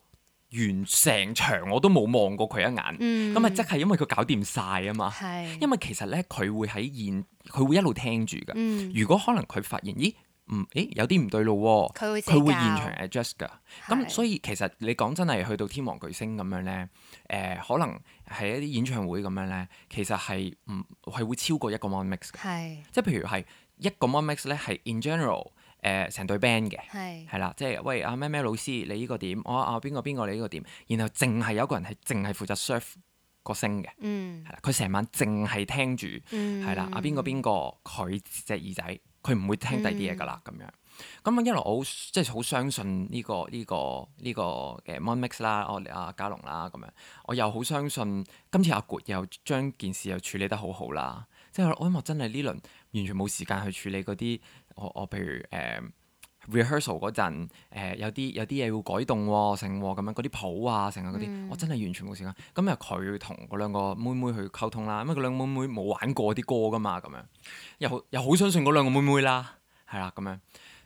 [SPEAKER 1] 完成場我都冇望過佢一眼，咁啊即係因為佢搞掂晒啊嘛，是因為其實咧佢會喺現佢會一路聽住噶。嗯、如果可能佢發現，咦，嗯，誒有啲唔對路喎、啊，佢會佢會現場 adjust 噶是。咁所以其實你講真係去到天王巨星咁樣咧，誒、呃、可能喺一啲演唱會咁樣咧，其實係唔係會超過一個 mon mix 嘅？是即係譬如係一個 mon mix 咧係 in general。誒成、呃、隊 band 嘅係係啦，即係的喂，阿咩咩老師，你呢個點？我阿邊個邊個你呢個點？然後淨係有一個人係淨係負責 surf 個聲嘅，係啦、嗯，佢成晚淨係聽住，係啦、嗯，阿邊、啊、個邊個佢隻耳仔，佢唔會聽第啲嘢噶啦咁樣。咁、嗯、我一路好即係好相信呢、呢個呢、呢個呢、呢個嘅 monmix 啦，我阿嘉龍啦咁樣，我又好相信今次阿 good 又將件事又處理得好好啦。即、就、係、是、我因為真係呢輪完全冇時間去處理嗰啲。我我譬如誒 rehearsal 陣，陣、呃呃、有啲有啲嘢要改動、啊、成咁樣嗰啲譜啊成日嗰啲，嗯、我真係完全冇時間。咁又佢同嗰兩個妹妹去溝通啦、啊，因為嗰兩個妹妹冇玩過啲歌噶嘛，咁樣又又好相信嗰兩個妹妹啦，係啦咁樣。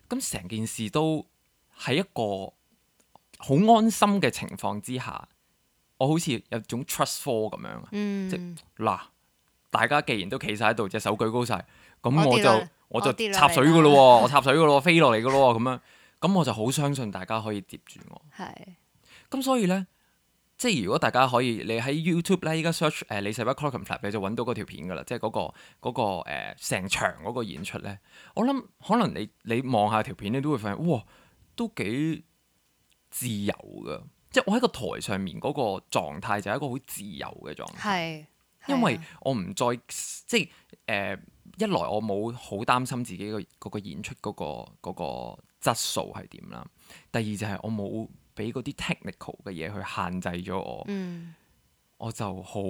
[SPEAKER 1] 咁成件事都喺一個好安心嘅情況之下，我好似有種 trust for 咁樣。嗯、即嗱，大家既然都企晒喺度，隻手舉高晒，咁我就。我就插水噶咯，我插水噶咯， 飛落嚟噶咯，咁樣，咁我就好相信大家可以接住我。係是。咁所以咧，即係如果大家可以你喺 YouTube 咧，依家 search 誒李拾壹 Clockenflap 你就揾到嗰條片噶啦，即係嗰、嗰個、嗰個誒成、嗰個呃、場嗰個演出咧。我諗可能你你望下條片，你都會發現，哇，都幾自由噶。即係我喺個台上面嗰個狀態就係一個好自由嘅狀態。係。啊、因為我唔再即係誒。呃一來我冇好擔心自己個嗰個演出嗰個嗰個質素係點啦，第二就係我冇俾嗰啲 technical 嘅嘢去限制咗我，我就好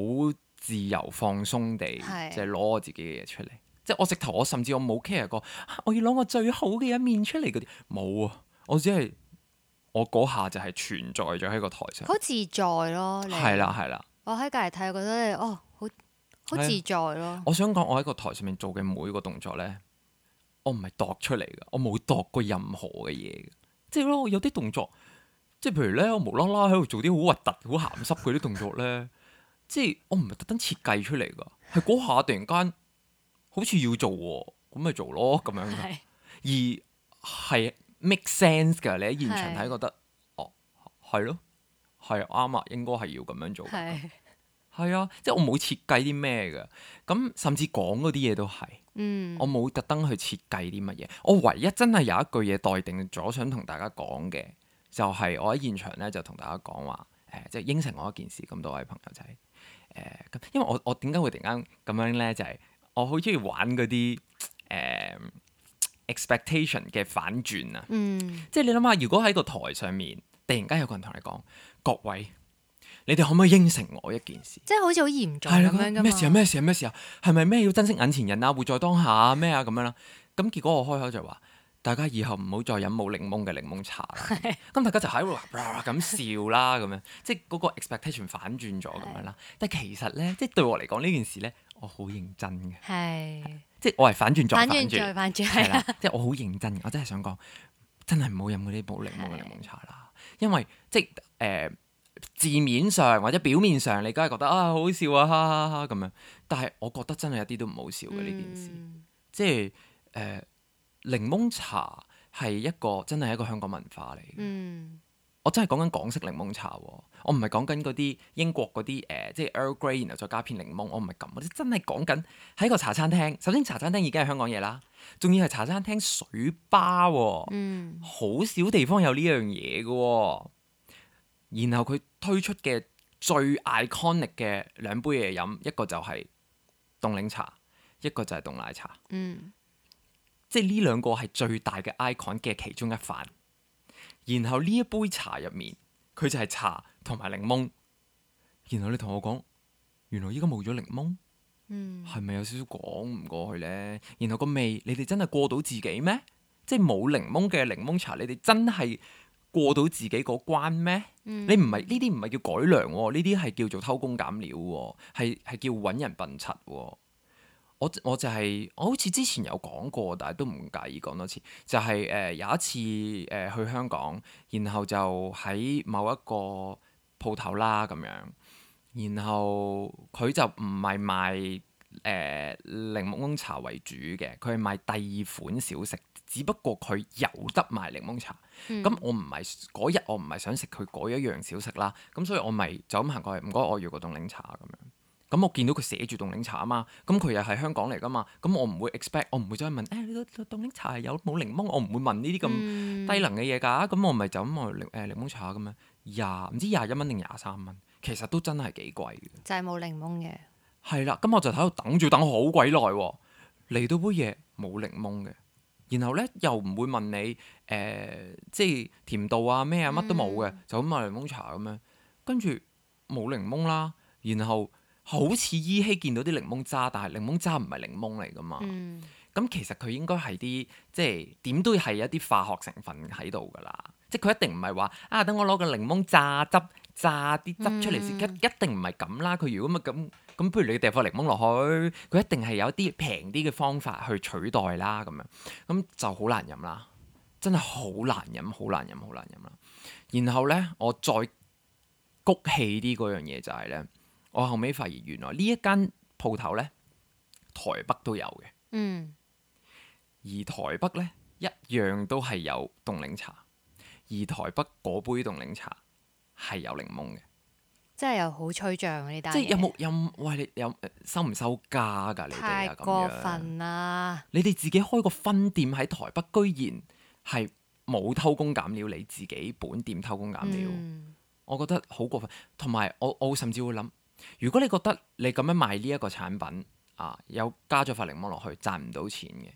[SPEAKER 1] 自由放鬆地就攞我自己嘅嘢出嚟，即係我直頭我甚至我冇 care 過，我要攞我最好嘅一面出嚟嗰啲冇啊，我只係我嗰下就係存在咗喺個台上，好
[SPEAKER 3] 自在咯，係啦係啦，我喺隔籬睇我覺得哦。
[SPEAKER 1] 好 Yeah, 自在咯！我想講，我喺個台上面做嘅每個動作咧，我唔係度出嚟嘅，我冇度過任何嘅嘢嘅，即係咯，有啲動作，即、就、係、是、譬如咧， 我無啦啦喺度做啲好核突、好鹹濕嗰啲動作咧，即係我唔係特登設計出嚟噶，係嗰下突然間，好似要做喎、哦，咁咪做咯咁樣，是而係 make sense 噶，你喺現場睇覺得，是哦，係咯，係啊啱啊，應該係要咁樣做。係啊，即係我冇設計啲咩㗎，咁甚至講嗰啲嘢都係，嗯、我冇特登去設計啲乜嘢。我唯一真係有一句嘢待定咗，想同大家講嘅就係、是、我喺現場咧、呃，就同大家講話，誒，即係應承我一件事，咁多位朋友仔，誒、呃，因為我我點解會突然間咁樣咧？就係、是、我好中意玩嗰啲誒 expectation 嘅反轉啊！嗯、即係你諗下，如果喺個台上面突然間有個人同你講，各位，你哋可唔可以應承我一件事？即
[SPEAKER 3] 係好似好嚴重咁樣噶嘛？咩事啊？咩
[SPEAKER 1] 事啊？咩事啊？係咪咩要珍惜眼前人啊？活在當下啊？咩啊？咁樣啦？咁結果我開口就話：大家以後唔好再飲冇檸檬嘅檸檬茶啦。咁是的 大家就喺度咁笑啦，咁樣即係嗰個 expectation 反轉咗咁樣啦。是的 但係其實咧，即係對我嚟講呢件事咧，我好認真嘅。係。即係我係反轉咗。反轉，反轉係啦。即係我好認真，我真係想講，真係唔好飲嗰啲冇檸檬嘅檸檬茶啦。因為即係誒。呃呃字面上或者表面上，你梗係覺得啊好笑啊，哈哈哈咁樣。但係我覺得真係一啲都唔好笑嘅呢、嗯、件事。即係誒、呃、檸檬茶係一個真係一個香港文化嚟。嗯，我真係講緊港式檸檬茶，我唔係講緊嗰啲英國嗰啲誒，即係 Earl Grey，然後再加片檸檬。我唔係咁，我真係講緊喺個茶餐廳。首先茶餐廳已經係香港嘢啦，仲要係茶餐廳水吧。嗯，好少地方有呢樣嘢嘅。然後佢推出嘅最 iconic 嘅兩杯嘢飲，一個就係凍檸茶，一個就係凍奶茶。嗯，即係呢兩個係最大嘅 icon 嘅其中一番。然後呢一杯茶入面，佢就係茶同埋檸檬。然後你同我講，原來依家冇咗檸檬，嗯，係咪有少少講唔過去呢？然後個味，你哋真係過到自己咩？即係冇檸檬嘅檸檬茶，你哋真係過到自己嗰關咩？嗯、你唔係呢啲唔係叫改良喎、哦，呢啲係叫做偷工減料喎、哦，係係叫揾人笨柒喎、哦。我我就係、是、我好似之前有講過，但係都唔介意講多次，就係、是、誒、呃、有一次誒、呃、去香港，然後就喺某一個鋪頭啦咁樣，然後佢就唔係賣誒、呃、檸檬茶為主嘅，佢係賣第二款小食。只不過佢有得賣檸檬茶，咁、嗯、我唔係嗰日，我唔係想食佢嗰一樣小食啦。咁所以我咪就咁行過去，唔該，我要個凍檸茶咁樣。咁我見到佢寫住凍檸茶啊嘛，咁佢又係香港嚟噶嘛，咁我唔會 expect，我唔會再去問誒呢個凍檸茶有冇檸檬，我唔會問呢啲咁低能嘅嘢㗎。咁、嗯、我咪就咁我、欸、檸檬茶咁樣廿唔知廿一蚊定廿三蚊，其實都真係幾貴嘅，
[SPEAKER 3] 就係冇檸檬嘅
[SPEAKER 1] 係啦。咁我就喺度等住等好鬼耐嚟到杯嘢冇檸、檸檬嘅。然後咧又唔會問你誒、呃，即係甜度啊咩啊，乜都冇嘅，嗯、就咁賣檸檬茶咁樣。跟住冇檸檬啦，然後好似依稀見到啲檸檬渣，但係檸檬渣唔係檸檬嚟㗎嘛。咁、嗯、其實佢應該係啲即係點都係一啲化學成分喺度㗎啦。即係佢一定唔係話啊，等我攞個檸檬榨汁榨啲汁出嚟先，一、嗯、一定唔係咁啦。佢如果咪咁。咁不如你掉塊檸檬落去，佢一定係有啲平啲嘅方法去取代啦，咁樣咁就好難飲啦，真係好難飲，好難飲，好難飲啦。然後呢，我再谷氣啲嗰樣嘢就係、是、呢。我後尾發現原來呢一間鋪頭咧，台北都有嘅，嗯，而台北呢，一樣都係有凍檸茶，而台北嗰杯凍檸茶係有檸檬嘅。
[SPEAKER 3] 真係又好吹漲，呢單即係有冇
[SPEAKER 1] 有，有，有，喂你有收唔收家㗎？你哋啊咁樣。太過分
[SPEAKER 3] 啦！
[SPEAKER 1] 你哋自己開個分店喺台北，居然係冇偷工減料，你自己本店偷工減料，
[SPEAKER 2] 嗯、
[SPEAKER 1] 我覺得好過分。同埋我我甚至會諗，如果你覺得你咁樣賣呢一個產品啊，有加咗佛令姆落去賺唔到錢嘅，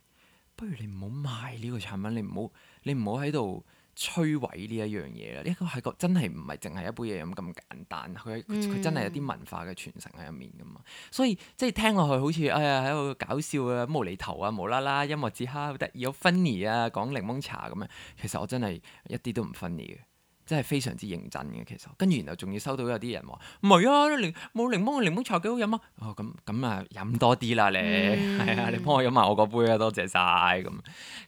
[SPEAKER 1] 不如你唔好賣呢個產品，你唔好你唔好喺度。摧毀呢一樣嘢啦，呢個係個真係唔係淨係一杯嘢飲咁簡單，佢佢、嗯、真係有啲文化嘅傳承喺入面㗎嘛，所以即係聽落去好似哎呀喺度搞笑啊，無厘頭啊，無啦啦音樂節刻好得意，好 funny 啊講檸檬茶咁樣，其實我真係一啲都唔 funny 嘅。真係非常之認真嘅，其實跟住然後仲要收到有啲人話，唔係啊檸冇檸檬嘅檸檬茶幾好飲啊，咁咁啊，飲多啲啦，你係啊、嗯、 你幫我飲埋我嗰杯啊，多謝晒。嗯，咁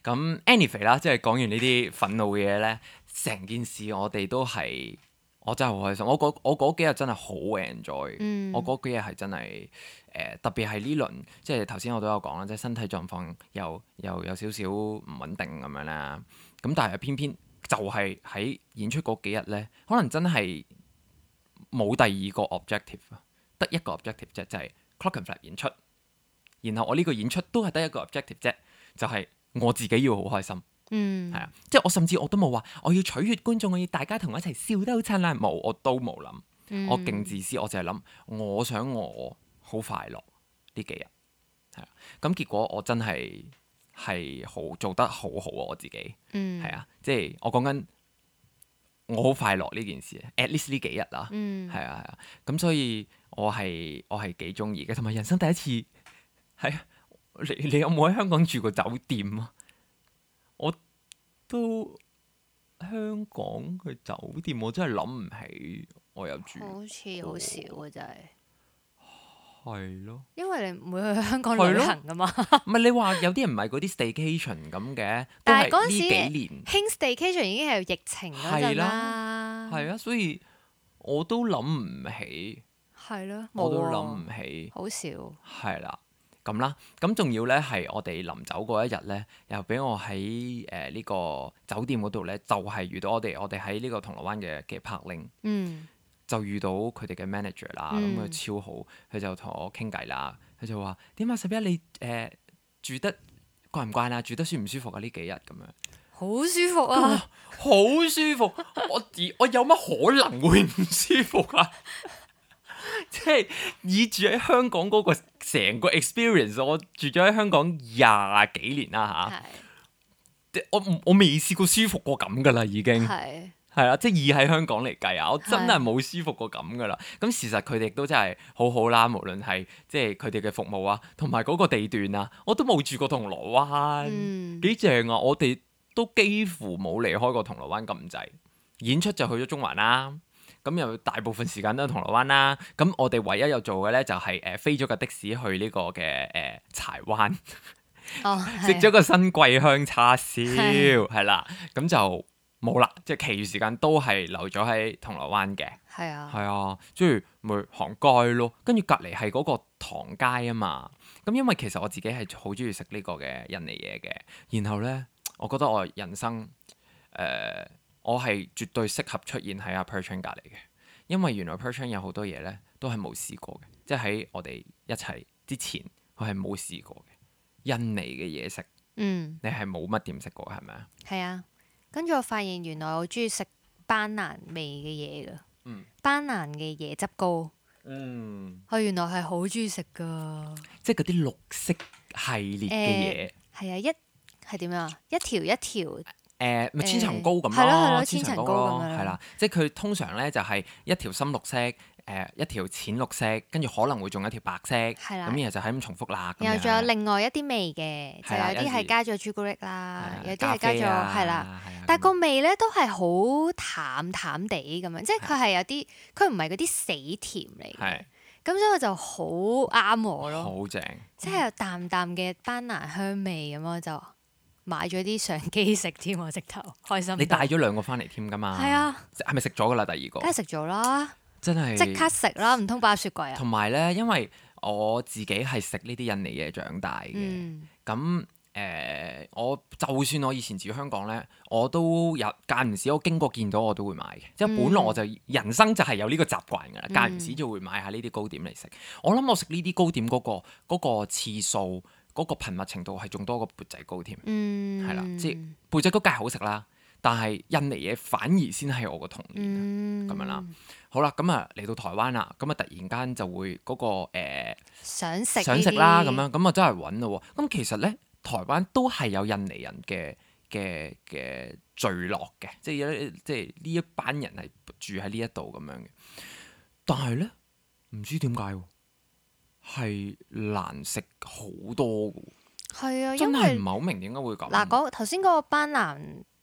[SPEAKER 1] 咁 anyway 啦即係講完呢啲憤怒嘅嘢咧，成件事我哋都係我真係好開心，我嗰我嗰幾日真係好 enjoy，我嗰幾日係真係誒、呃、特別係呢輪即係頭先我都有講啦，即係身體狀況又又，又，又，又，又，又有少少唔穩定咁樣啦，咁但係偏偏。就係喺演出嗰幾日咧，可能真係冇第二個 objective 啊，得一個 objective 啫，就係 Clockenflap 演出。然後我呢個演出都係得一個 objective 啫，就係我自己要好開心。嗯，係啊，即係我甚至我都冇話我要取悅觀眾，我要大家同我一齊笑得好燦爛，冇，我都冇諗。嗯、我勁自私，我淨係諗我想我好快樂呢幾日。係啊，咁結果我真係～係好做得好好啊！我自己，嗯，係啊，即係我講緊我好快樂呢件事，at least 呢幾日啦，嗯，係啊係啊，咁所以我係我係幾中意嘅，同埋人生第一次，係啊，你你有冇喺香港住過酒店啊？我
[SPEAKER 2] 都
[SPEAKER 3] 香
[SPEAKER 1] 港嘅酒店，我真係諗唔起，我有住，好似好
[SPEAKER 3] 少啊，真係。
[SPEAKER 1] 係咯，
[SPEAKER 3] 因為你唔會去香港旅行噶
[SPEAKER 1] 嘛。唔係的 你話有啲人唔係嗰啲 staycation 咁嘅，但係呢幾年
[SPEAKER 3] 興 staycation 已經係疫情嗰陣啦。
[SPEAKER 1] 係啊，所以我都諗唔起。
[SPEAKER 3] 係咯的，我都諗唔
[SPEAKER 1] 起，啊、好少、啊。係啦，咁啦，咁仲要咧，係我哋臨走嗰一日咧，又俾我喺誒呢個酒店嗰度咧，就係遇到我哋，我哋喺呢個銅鑼灣嘅嘅柏寧。嗯。就遇到佢哋嘅 manager 啦，咁佢、嗯、超好，佢就同我傾偈啦。佢就話：點啊，拾壹你誒、呃、住得慣唔慣啊？住得舒唔舒服啊？呢幾日咁樣，好舒服啊，啊！好舒服， 我我有乜可能會唔舒服啊？即 係以住喺香港嗰個成個 experience，我住咗喺香港廿幾年啦嚇，啊、是的 我我未試過舒服過咁噶啦已經。係啦，即係以喺香港嚟計啊，我真係冇舒服過咁噶啦。咁事實佢哋都真係好好啦，無論係即係佢哋嘅服務啊，同埋嗰個地段啊，我都冇住過銅鑼灣，幾正、嗯、啊！我哋都幾乎冇離開過銅鑼灣咁滯。演出就去咗中環啦，咁又大部分時間都喺銅鑼灣啦。咁我哋唯一有做嘅呢、就係，就係誒飛咗架的士去呢、呢個嘅誒、呃、柴灣，
[SPEAKER 2] 食 咗個
[SPEAKER 1] 新桂香叉燒，係啦、哦，咁就。冇啦，即係其餘時間都係留咗喺銅鑼灣嘅，係啊，係啊，即住咪行街咯，跟住隔籬係嗰個唐街啊嘛。咁因為其實我自己係好中意食呢個嘅印尼嘢嘅。然後呢，我覺得我人生誒、呃，我係絕對適合出現喺阿 Perchan 隔籬嘅，因為原來 Perchan 有好多嘢呢都係冇試過嘅，即係喺我哋一齊之前佢係冇試過嘅印尼嘅嘢食。嗯，你係冇乜點食過係咪啊？
[SPEAKER 3] 係啊。跟住我發現原來我中意食斑蘭味嘅嘢㗎，嗯、斑蘭嘅椰汁糕，
[SPEAKER 1] 嗯、
[SPEAKER 3] 我原來係好中意食㗎，即
[SPEAKER 1] 係嗰啲綠色系列嘅嘢，
[SPEAKER 3] 係、呃、啊，一係點樣啊，一條一條。
[SPEAKER 1] 誒咪千層糕咁咯，千層糕咯，係啦，即係佢通常咧就係一條深綠色，誒一條淺綠色，跟住可能會仲有一條白色，咁然後就係咁重複啦。然後仲有
[SPEAKER 3] 另外一啲味嘅，就有啲係加咗朱古力啦，有啲係加咗，係啦。但係個味咧都係好淡淡地咁樣，即係佢係有啲，佢唔係嗰啲死甜嚟嘅，咁所以就好啱我咯。好正，即係有淡淡嘅班蘭香味咁咯就。買咗啲相機食添喎，直頭開心。你帶咗
[SPEAKER 1] 兩個翻嚟添㗎嘛？係啊，係咪食咗㗎啦？第二個梗係食咗啦，真係即刻
[SPEAKER 3] 食啦，唔通擺雪櫃啊？同
[SPEAKER 1] 埋咧，因為我自己係食呢啲印尼嘢長大嘅，咁誒、嗯呃，我就算我以前住香港咧，我都有間唔時我經過見到我都會買嘅，即係本來我就、嗯、人生就係有呢個習慣㗎啦，間唔時就會買下呢啲糕點嚟食。嗯、我諗我食呢啲糕點嗰、嗰個、嗰個次數。嗰個頻密程度係仲多過缽仔糕添，
[SPEAKER 2] 係啦、嗯，即係
[SPEAKER 1] 缽仔糕梗係好食啦，但係印尼嘢反而先係我個童年
[SPEAKER 2] 咁、嗯、樣啦。
[SPEAKER 1] 好啦，咁啊嚟到台灣啦，咁啊突然間就會嗰、那個、呃、
[SPEAKER 3] 想食想食啦，咁樣
[SPEAKER 1] 咁啊真係搵咯。咁其實咧，台灣都係有印尼人嘅嘅嘅聚落嘅，即係即係呢一班人係住喺呢一度咁樣嘅。但係咧，唔知點解喎。係難食好多噶
[SPEAKER 3] 係啊，因為真係唔係
[SPEAKER 1] 好明點解會咁。嗱，
[SPEAKER 3] 嗰頭先嗰個斑蘭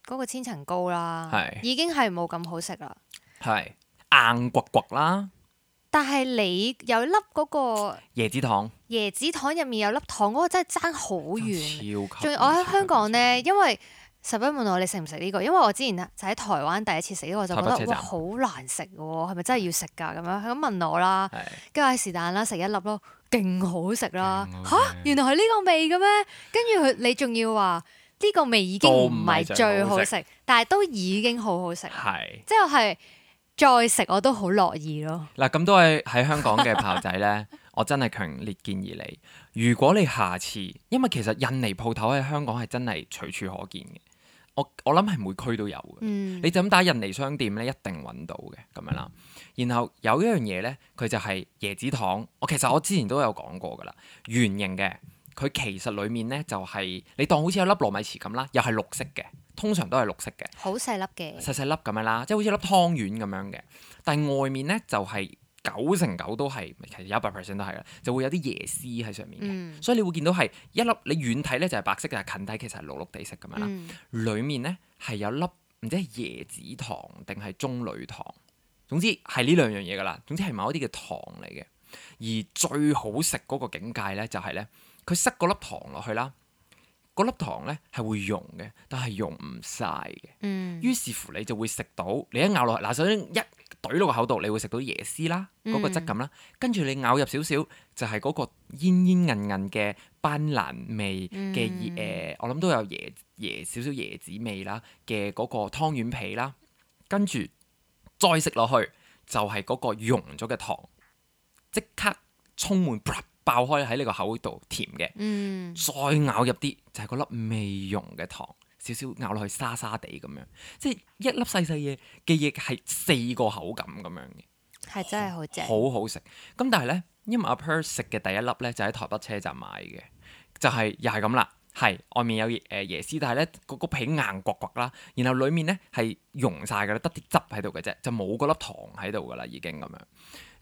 [SPEAKER 3] 嗰個千層糕係啦，
[SPEAKER 1] 係已經
[SPEAKER 3] 係冇咁好食啦，
[SPEAKER 1] 係硬掘掘啦。
[SPEAKER 3] 但係你有粒嗰個
[SPEAKER 1] 椰子糖，
[SPEAKER 3] 椰子糖入面有粒糖，嗰個真係爭好遠，仲要我喺香港呢，因為。十一問我你食唔食呢個，因為我之前就喺台灣第一次食，呢個，我就覺得哇好難食喎，係咪真係要食㗎咁樣？佢咁問我啦，跟住係是但啦，食一粒咯，勁好食啦！吓？原來係呢個味嘅咩？跟住佢你仲要話呢個味已經唔係最好食，好但係都已經好好食，係是即係係再食我都好樂意咯。
[SPEAKER 1] 嗱咁各位喺香港嘅炮仔咧， 我真係強烈建議你，如果你下次，因為其實印尼鋪頭喺香港係真係隨處可見嘅。我我諗係每區都有嘅，嗯、你就咁打印尼商店咧，一定揾到嘅咁樣啦。然後有一樣嘢咧，佢就係椰子糖。我其實我之前都有講過噶啦，圓形嘅，佢其實裏面咧就係、是、你當好似有粒糯米糍咁啦，又係綠色嘅，通常都係綠色嘅，好細粒嘅，細細粒咁樣啦，即係好似粒湯圓咁樣嘅，但係外面咧就係、是。九成九都係，其實有一百 percent 都係啦，就會有啲椰絲喺上面嘅，嗯、所以你會見到係一粒，你遠睇咧就係白色嘅，但近睇其實係綠綠地色咁樣啦。嗯、裡面咧係有粒，唔知係椰子糖定係棕櫚糖，總之係呢兩樣嘢噶啦。總之係某啲嘅糖嚟嘅，而最好食嗰個境界咧就係、是、咧，佢塞嗰粒糖落去啦。嗰粒糖咧係會溶嘅，但係溶唔晒嘅。嗯，於是乎你就會食到，你一咬落去嗱，首先一隊落個口度，你會食到椰絲啦，嗰、嗯、個質感啦。跟住你咬入少少，就係、是、嗰個煙煙韌韌嘅班蘭味嘅誒、嗯呃，我諗都有椰椰，椰少少椰子味啦嘅嗰個湯圓皮啦。跟住再食落去，就係、是、嗰個溶咗嘅糖，即刻充滿。爆開喺呢個口度甜嘅，
[SPEAKER 2] 嗯、
[SPEAKER 1] 再咬入啲就係、是、嗰粒未溶嘅糖，少少咬落去沙沙地咁樣，即係一粒細細嘢嘅嘢係四個口感咁樣嘅，
[SPEAKER 3] 係、嗯、好真係好正，好好
[SPEAKER 1] 食。咁但係呢，因為阿 Per 食嘅第一粒呢，就喺台北車站買嘅，就係、是、又係咁啦，係外面有誒椰絲，但係呢個皮硬刮刮啦，然後裡面呢係溶晒噶啦，得啲汁喺度嘅啫，就冇嗰粒糖喺度噶啦，已經咁樣。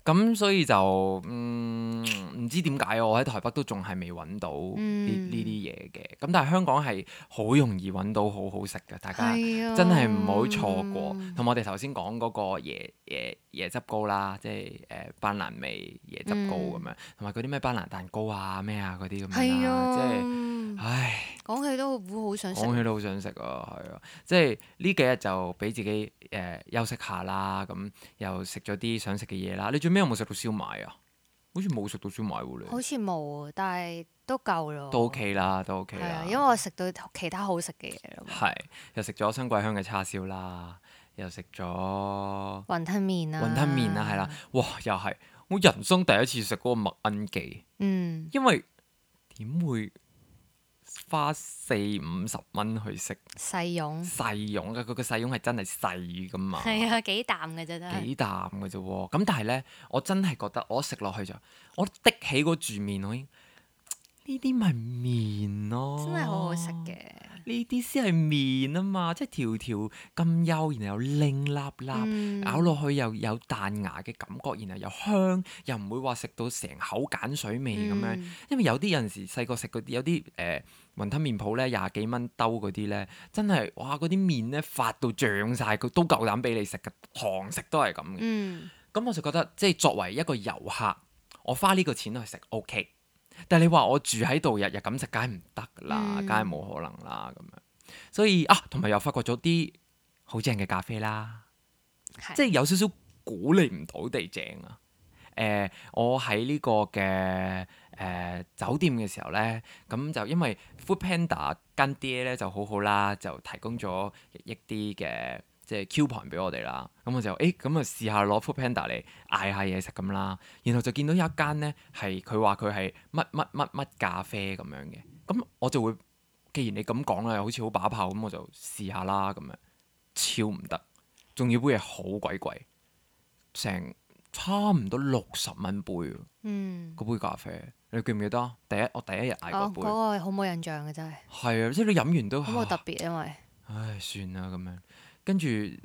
[SPEAKER 1] 咁所以就唔唔、嗯、知點解我喺台北都仲係未揾到呢呢啲嘢嘅。咁、嗯、但係香港係好容易揾到好好食嘅，嗯、大家真係唔好錯過。同、嗯、我哋頭先講嗰個椰椰椰汁糕啦，即係誒、呃、班蘭味椰汁糕咁樣、嗯，同埋嗰啲咩班蘭蛋糕啊咩啊嗰啲咁樣啦，即係、嗯。就是唉，
[SPEAKER 3] 講起都好想食。講起都
[SPEAKER 1] 好想食啊，係啊！即係呢幾日就俾自己誒、呃、休息下啦。咁又食咗啲想食嘅嘢啦。你最尾有冇食到燒賣啊？好似冇食到燒賣喎，你好
[SPEAKER 3] 似冇，但係都夠咯，都
[SPEAKER 1] OK 啦，都 OK 啦。
[SPEAKER 3] 因為我食到其他好食嘅嘢咯，
[SPEAKER 1] 係又食咗新桂香嘅叉燒啦，又食咗
[SPEAKER 3] 雲吞麵啦，雲吞麵啊，
[SPEAKER 1] 係啦。哇！又係我人生第一次食嗰個麥恩記，
[SPEAKER 3] 嗯，
[SPEAKER 1] 因為點會？花四五十蚊去食細蓉湯，細蓉嘅佢個細蓉係真係細噶嘛？係
[SPEAKER 3] 啊，幾啖嘅啫都幾
[SPEAKER 1] 啖嘅啫喎！咁但係咧，我真係覺得我食落去就我滴起個住面我已經，呢啲咪麵咯，麵啊、真係好好食嘅。呢啲先係麵啊嘛，即係條條咁幼，然後又拎粒粒咬落去又有彈牙嘅感覺，然後又香，又唔會話食到成口鹼水味咁樣。嗯、因為有啲有陣時細個食嗰啲有啲誒、呃、雲吞麵鋪咧，廿幾蚊兜嗰啲咧，真係哇嗰啲麵咧發到漲晒，佢都夠膽俾你食嘅，堂食都係咁嘅。咁、嗯、我就覺得即係作為一個遊客，我花呢個錢去食 OK。但係你話我住喺度日日咁食，梗係唔得啦，梗係冇可能啦咁樣。所以啊，同埋又發覺咗啲好正嘅咖啡啦，是的 即係有少少估你唔到地正啊。誒、呃，我喺呢個嘅誒、呃、酒店嘅時候咧，咁就因為 Food Panda 跟啲咧就好好啦，就提供咗一啲嘅。即係 coupon 俾我哋啦，咁我就，誒、欸，咁啊試下攞 Foodpanda 嚟嗌下嘢食咁啦，然後就見到有一間咧係佢話佢係乜乜乜乜咖啡咁樣嘅，咁我就會，既然你咁講啦，又好似好把炮咁，我就試下啦咁樣，超唔得，仲要杯嘢好鬼貴，成差唔多六十蚊杯，嗯，嗰杯咖啡，你記唔記得啊？第一我第一日嗌嗰杯，嗰、哦
[SPEAKER 3] 嗰個好冇印象嘅真
[SPEAKER 1] 係，係啊，即係你飲完都好
[SPEAKER 3] 特別，因為，
[SPEAKER 1] 唉，算啦咁樣。跟住誒、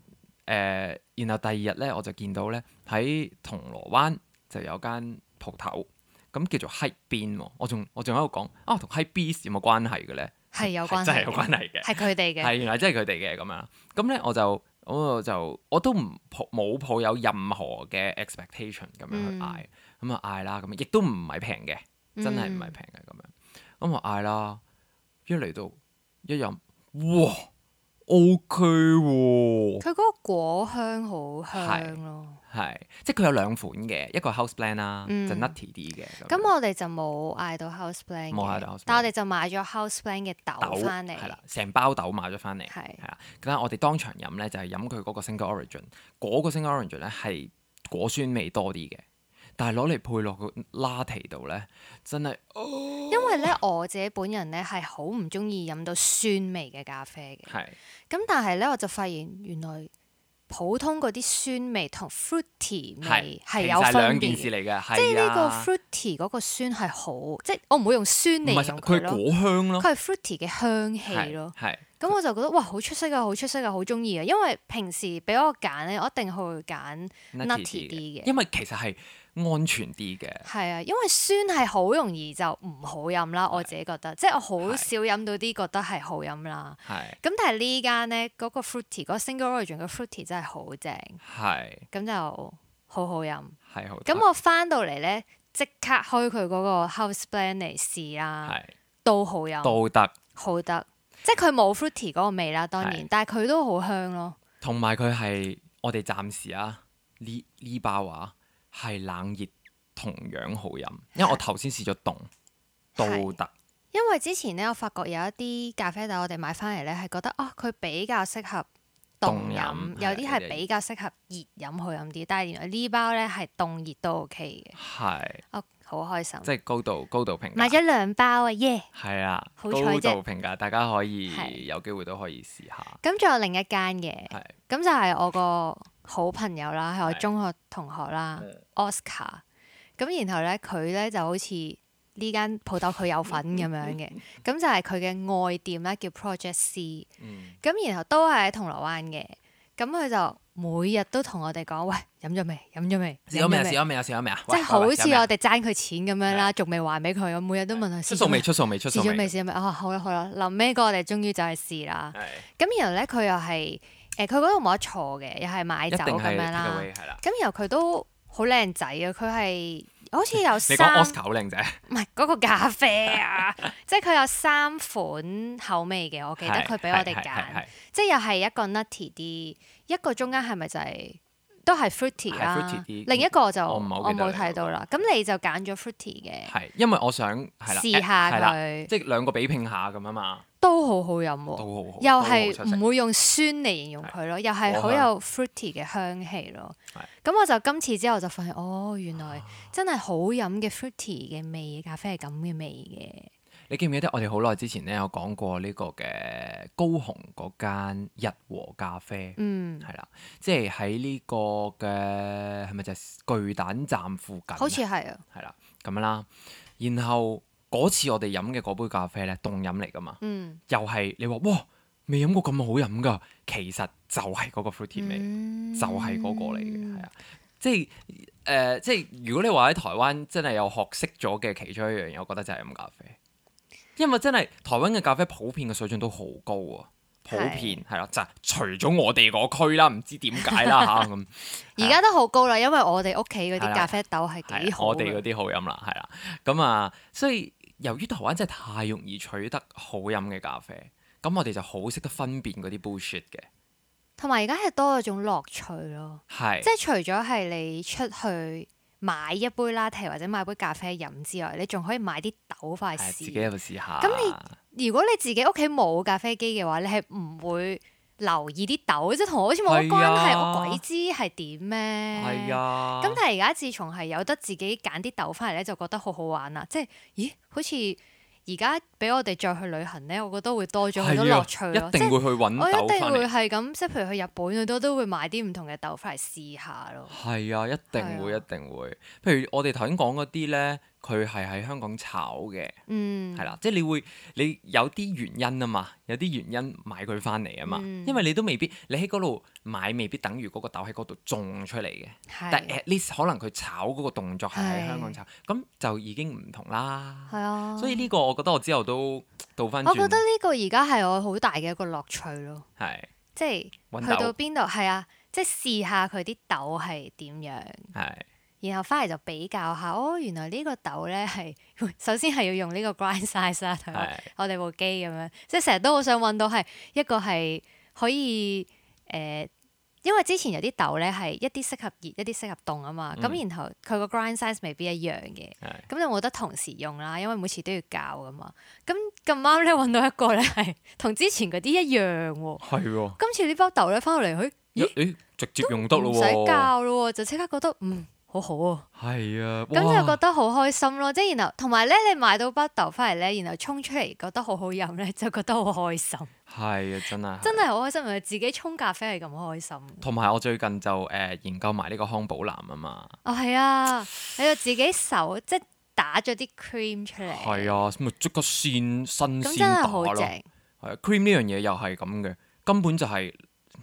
[SPEAKER 1] 呃，然後第二日咧，我就見到咧喺銅鑼灣就有間鋪頭，咁叫做 Hype Bean、哦，我仲我仲喺度講，啊同 Hypebeast 有冇關係嘅咧？
[SPEAKER 3] 係有關係，真係有關係嘅，係佢哋嘅。係
[SPEAKER 1] 原來真係佢哋嘅咁樣。咁咧我就我就我都唔抱冇抱有任何嘅 expectation 咁樣去嗌，咁啊嗌啦，咁亦都唔係平嘅，
[SPEAKER 2] 真係唔係
[SPEAKER 1] 平嘅咁樣，咁啊嗌啦，一嚟到一飲，哇！O.K. 喎、哦，佢嗰
[SPEAKER 3] 個果香好香咯，
[SPEAKER 1] 係，即係佢有兩款嘅，一個 house blend 啦，就 nutty 啲嘅，咁我
[SPEAKER 3] 哋就冇嗌到 house blend，冇嗌到 house blend，但我哋就買咗 house blend 嘅豆翻嚟，係啦，
[SPEAKER 1] 成包豆買咗翻嚟，係，係啊，咁我哋當場飲咧就係、係、飲佢嗰個 single origin，嗰個 single origin 咧係果酸味多啲嘅。但係攞嚟配落個拉提度咧，真係、哦、
[SPEAKER 3] 因為咧我自己本人咧係好唔中意飲到酸味嘅咖啡嘅。係是。咁但係咧，我就發現原來普通嗰啲酸味同 fruity 味係有分別嘅，係兩件事嚟
[SPEAKER 1] 嘅、啊。即係呢個 fruity
[SPEAKER 3] 嗰個酸係好，即係我唔會用酸嚟形容係咯。佢果香咯，佢係 fruity 嘅香氣咯。係。咁我就覺得哇，好出色啊，好出色啊，好中意啊！因為平時俾我揀咧，我一定去揀 nutty 啲嘅。因
[SPEAKER 1] 為其實係。安全啲嘅，
[SPEAKER 3] 係啊，因為酸係好容易就唔好飲啦。我自己覺得，是即係我好少飲到啲覺得係好飲啦。係是。咁、嗯、但係呢間呢，嗰、那個 fruity 嗰 single origin 嘅 fruity 真係好正。
[SPEAKER 2] 係是。
[SPEAKER 3] 咁就好好飲。
[SPEAKER 2] 係好。咁我
[SPEAKER 3] 返到嚟呢，即刻開佢嗰個 house blend 嚟試啦。是都好飲。都得行。好得吃。即係佢冇 fruity 嗰個味啦，當然，是但係佢都好香咯。
[SPEAKER 1] 同埋佢係我哋暫時啊呢呢包啊。係冷熱同樣好飲，因為我頭先試咗凍都得。
[SPEAKER 3] 因為之前咧，我發覺有一啲咖啡豆我，我哋買翻嚟咧，係覺得哦，佢比較適合凍飲，有啲係比較適合熱飲好飲啲。但係原來呢包咧係凍熱都 OK 嘅。
[SPEAKER 1] 係，
[SPEAKER 3] 哦，好開心。即
[SPEAKER 1] 係高度高度評價。買
[SPEAKER 3] 咗兩包啊，耶！
[SPEAKER 1] 係啊，高度評價，大家可以有機會都可以試下。
[SPEAKER 3] 咁仲有另一間嘅，咁就係我個。好朋友啦，係我中學同學啦，Oscar。咁然後咧，佢咧就好似呢間鋪頭佢有份咁樣嘅，咁就係佢嘅外店咧叫 Project C。咁然後都係喺銅鑼灣嘅，咁佢就每日都同我哋講：喂，飲咗未？飲咗未？試咗未？試
[SPEAKER 1] 咗未啊！試咗未啊！即係好似我
[SPEAKER 3] 哋爭佢錢咁樣啦，仲未還俾佢。我每日都問佢。出數未？出數未？出數未？試咗未？試咗未？啊，好啦好啦，臨尾嗰我哋終於就係試啦。咁然後咧，佢又係。誒佢嗰度冇得坐嘅，又係買酒咁樣啦。咁、嗯、然後佢都好靚仔啊！佢係好似有三， 你講 Oscar、嗯。唔係嗰個咖啡啊， 即係佢有三款口味嘅，我記得佢俾我哋揀， 即係又係一個 nutty 啲，一個中間係咪就係、是？都係 fruity 啦，另一個就我冇睇到啦。咁你就揀咗 fruity 嘅，
[SPEAKER 1] 係因為我想試下佢，即係兩個比拼下咁啊嘛。
[SPEAKER 3] 都好好飲，都好
[SPEAKER 1] 好，又係唔會
[SPEAKER 3] 用酸嚟形容佢咯，又係好有 fruity 嘅香氣咯。咁我就今次之後就發現，哦，原來真係好飲嘅 fruity 嘅味咖啡係咁嘅味嘅。
[SPEAKER 1] 你記唔記得我哋好耐之前咧有講過呢個嘅高雄嗰間日和咖啡，嗯，係啦，即係喺呢個嘅係咪就係巨蛋站附近？
[SPEAKER 2] 好
[SPEAKER 3] 似係啊，
[SPEAKER 1] 係啦，咁樣啦。然後嗰次我哋飲嘅嗰杯咖啡咧，凍飲嚟噶嘛，嗯，又係你話哇，未飲過咁好飲噶，其實就係嗰個 fruit 甜味，嗯、就係嗰個嚟嘅，係啊，即係誒、呃，即係如果你話喺台灣真係有學識咗嘅其中一樣嘢，我覺得就係飲咖啡。因為真係台灣嘅咖啡普遍嘅水準都好高啊，普遍係咯是的，就係、除咗我哋嗰區啦，唔知點解啦嚇咁。
[SPEAKER 3] 而家 的都好高啦，因為我哋屋企嗰啲咖啡豆係幾好。我哋嗰
[SPEAKER 1] 啲好飲啦，係啦。咁 啊、嗯，所以由於台灣真係太容易取得好飲嘅咖啡，咁我哋就好識得分辨嗰啲 bullshit 嘅。
[SPEAKER 3] 同埋而家係多咗種樂趣咯，係即係除咗係你出去。買一杯 Latte 或者買杯咖啡飲之外，你仲可以買啲豆翻嚟試。自己試下。咁你如果你自己屋企冇咖啡機嘅話，你係唔會留意啲豆，即係同我好似冇關係，哎、呀我鬼知係點咩？係啊、哎呀。
[SPEAKER 1] 咁但係
[SPEAKER 3] 而家自從係有得自己揀啲豆翻嚟咧，就覺得好好玩啦。即係，咦？好似～而家俾我哋再去旅行咧，我覺得會多咗好多樂趣係，一定會去咯。即係我一定會係咁，即係譬如去日本，佢都都會買啲唔同嘅豆翻嚟試下咯。
[SPEAKER 1] 係啊，一定會，係，一定會。譬如我哋頭先講嗰啲咧。佢係喺香港炒嘅，係啦、嗯，即係你會你有啲原因啊嘛，有啲原因買佢翻嚟啊嘛，嗯、因為你都未必你喺嗰度買，未必等於嗰個豆喺嗰度種出嚟嘅。是但 at least 可能佢炒嗰個動作係喺香港炒，咁是就已經唔同啦。
[SPEAKER 3] 係啊，所以呢
[SPEAKER 1] 個我覺得我之後都倒翻轉。我覺得
[SPEAKER 3] 呢個而家係我好大嘅一個樂趣咯。
[SPEAKER 1] 係，
[SPEAKER 3] 即係去到邊度係啊，即係試下佢啲豆係點樣。係。然後翻嚟就比較下，哦，原來呢個豆呢，係首先係要用呢個 grind size 啊。我我哋部機咁樣，是的 即係成日都好想揾到係一個係可以誒、呃，因為之前有啲豆呢，係一啲適合熱，一啲適合凍啊嘛。咁、嗯、然後佢個 grind size 未必一樣嘅，咁就冇得同時用啦，因為每次都要教㗎嘛。咁咁啱呢，揾到一個呢，係同之前嗰啲一樣喎、哦，今是的 次呢包豆呢，翻到嚟，
[SPEAKER 1] 咦？咦直接用得咯喎，唔使教
[SPEAKER 3] 咯喎，就即刻覺得嗯。好
[SPEAKER 1] 好啊，係啊，咁就覺
[SPEAKER 3] 得好開心咯，即係然後同埋咧，你買到啡豆翻嚟咧，然後沖出嚟覺得好好飲咧，就覺得好開心。
[SPEAKER 1] 係啊，真係，真
[SPEAKER 3] 係好開心，因為自己沖咖啡係咁開心。
[SPEAKER 1] 同埋我最近就誒、呃、研究埋呢個康寶藍啊嘛。
[SPEAKER 3] 哦，係啊，喺度自己手即係打咗啲 cream 出嚟。
[SPEAKER 1] 係啊，咁啊，即刻鮮新鮮打咯。係、啊、cream 呢樣嘢又係咁嘅，根本就係、是。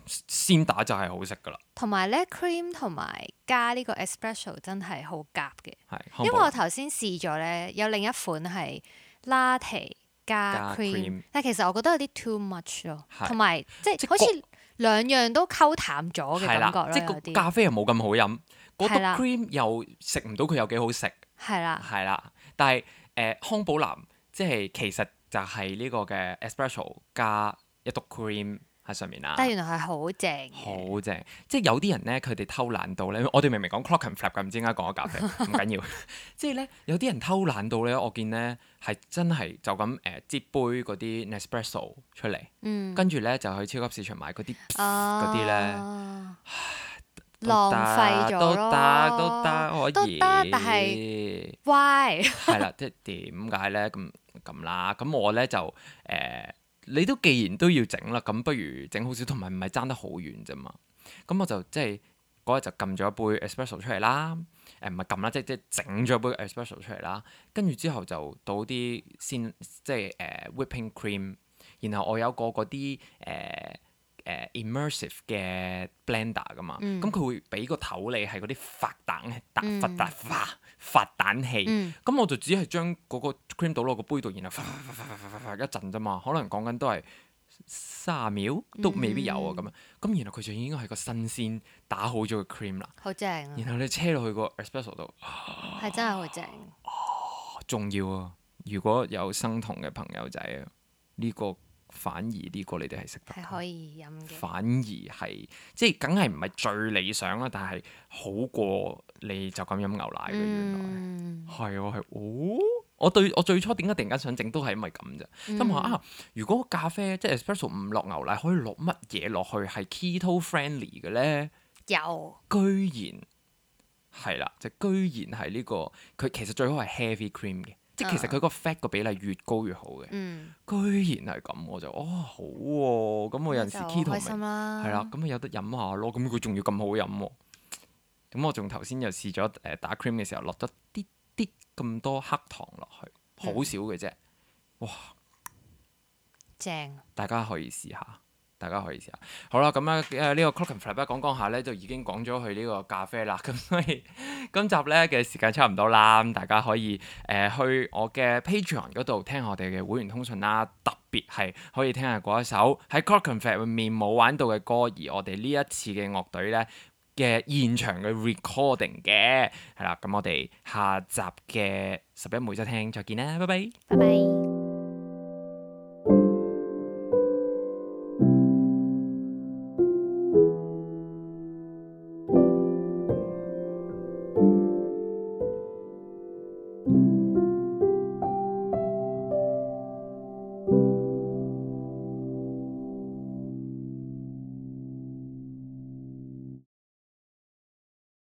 [SPEAKER 1] 鮮打就係好食㗎喇，
[SPEAKER 3] 同埋咧 cream 同埋加呢個 espresso 真係好夾嘅。
[SPEAKER 1] 是因為我頭
[SPEAKER 3] 先試咗咧，有另一款係 latte 加 cream，加 cream 但其實我覺得有啲 too much 咯，同埋是即係是好似兩樣都溝淡咗嘅感覺啦點即咖啡
[SPEAKER 1] 又冇咁好飲，嗰督啦 cream 又食唔到佢有幾好食，係啦係啦，啦，但係誒、呃、康寶藍即係其實就係呢個嘅 espresso 加一督 cream。喺上面啦、啊，但原
[SPEAKER 3] 來係好正，
[SPEAKER 1] 好正，即係有啲人咧，佢哋偷懶到咧，我哋明明講 Clockenflap 咁，唔知點解講咗咖啡，唔緊要， 即係咧，有啲人偷懶到咧，我見咧係真係就咁誒、呃、擠杯嗰啲 espresso 出嚟，跟住咧就去超級市場買嗰啲嗰啲咧，浪
[SPEAKER 2] 費咗咯，都得都得可以，但係 why 係
[SPEAKER 1] 啦，即係點解咧咁咁啦？咁我咧就誒。你都既然都要整啦，咁不如整好少，同埋唔係爭得好遠啫嘛。咁我就即係嗰日就撳、是、咗一杯 espresso 出嚟啦。誒唔係撳啦，即係即係整咗杯 espresso 出嚟啦。跟住之後就倒啲先，即係誒、呃、whipping cream。然後我有個嗰啲誒誒 immersive 嘅 blender 噶嘛，咁佢、嗯、會俾個頭你係嗰啲發蛋，發發花。嗯發彈器，咁我就只係將嗰個 cream 倒落個杯度，然後一陣啫嘛，可能講緊都係三十秒，都未必有啊咁樣，咁然後佢就已經係個新鮮打好咗嘅 cream 啦，
[SPEAKER 3] 好正。然
[SPEAKER 1] 後你車落去個 espresso 度，
[SPEAKER 3] 係真係好正。
[SPEAKER 1] 哦，重要啊！如果有生酮嘅朋友仔，呢個。反而呢個你哋係識得，
[SPEAKER 3] 係可以飲嘅。
[SPEAKER 1] 反而係即係，梗係唔係最理想啦，但係好過你就咁飲牛奶嘅。原來係、嗯、啊，係哦，我對我最初點解突然間想整都係因為咁啫。咁我、嗯、啊，如果咖啡即係 espresso 唔落牛奶，可以落乜嘢落去係 keto friendly 嘅咧？
[SPEAKER 3] 有，
[SPEAKER 1] 居然係啦，就是、居然係呢個佢其實最好係 heavy cream 嘅。即其實佢個 fat 個比例越高越好嘅，嗯、居然係咁我就哦好喎、啊，咁我有陣時 Kit 同我係啦，咁咪、啊、有得飲下咯，咁佢仲要咁好飲，咁我仲頭先又試咗誒、呃、打 cream 嘅時候落咗啲啲咁多黑糖落去，好、嗯、少嘅啫，哇！
[SPEAKER 3] 正，
[SPEAKER 1] 大家可以試下。大家可以試下，好啦、啊，咁咧誒呢個 Clockenflap 咧講講下呢，就已經講咗佢呢個咖啡啦。咁所以今集呢嘅時間差唔多啦，咁大家可以誒、嗯、去我嘅 Patreon 度聽我哋嘅會員通訊啦、啊，特別係可以聽下嗰一首喺 Clockenflap 入面冇玩到嘅歌，而我哋呢一次嘅樂隊呢嘅現場嘅 recording 嘅，係啦。咁、嗯、我哋下集嘅拾壹每週聽再見啦，拜拜，拜拜。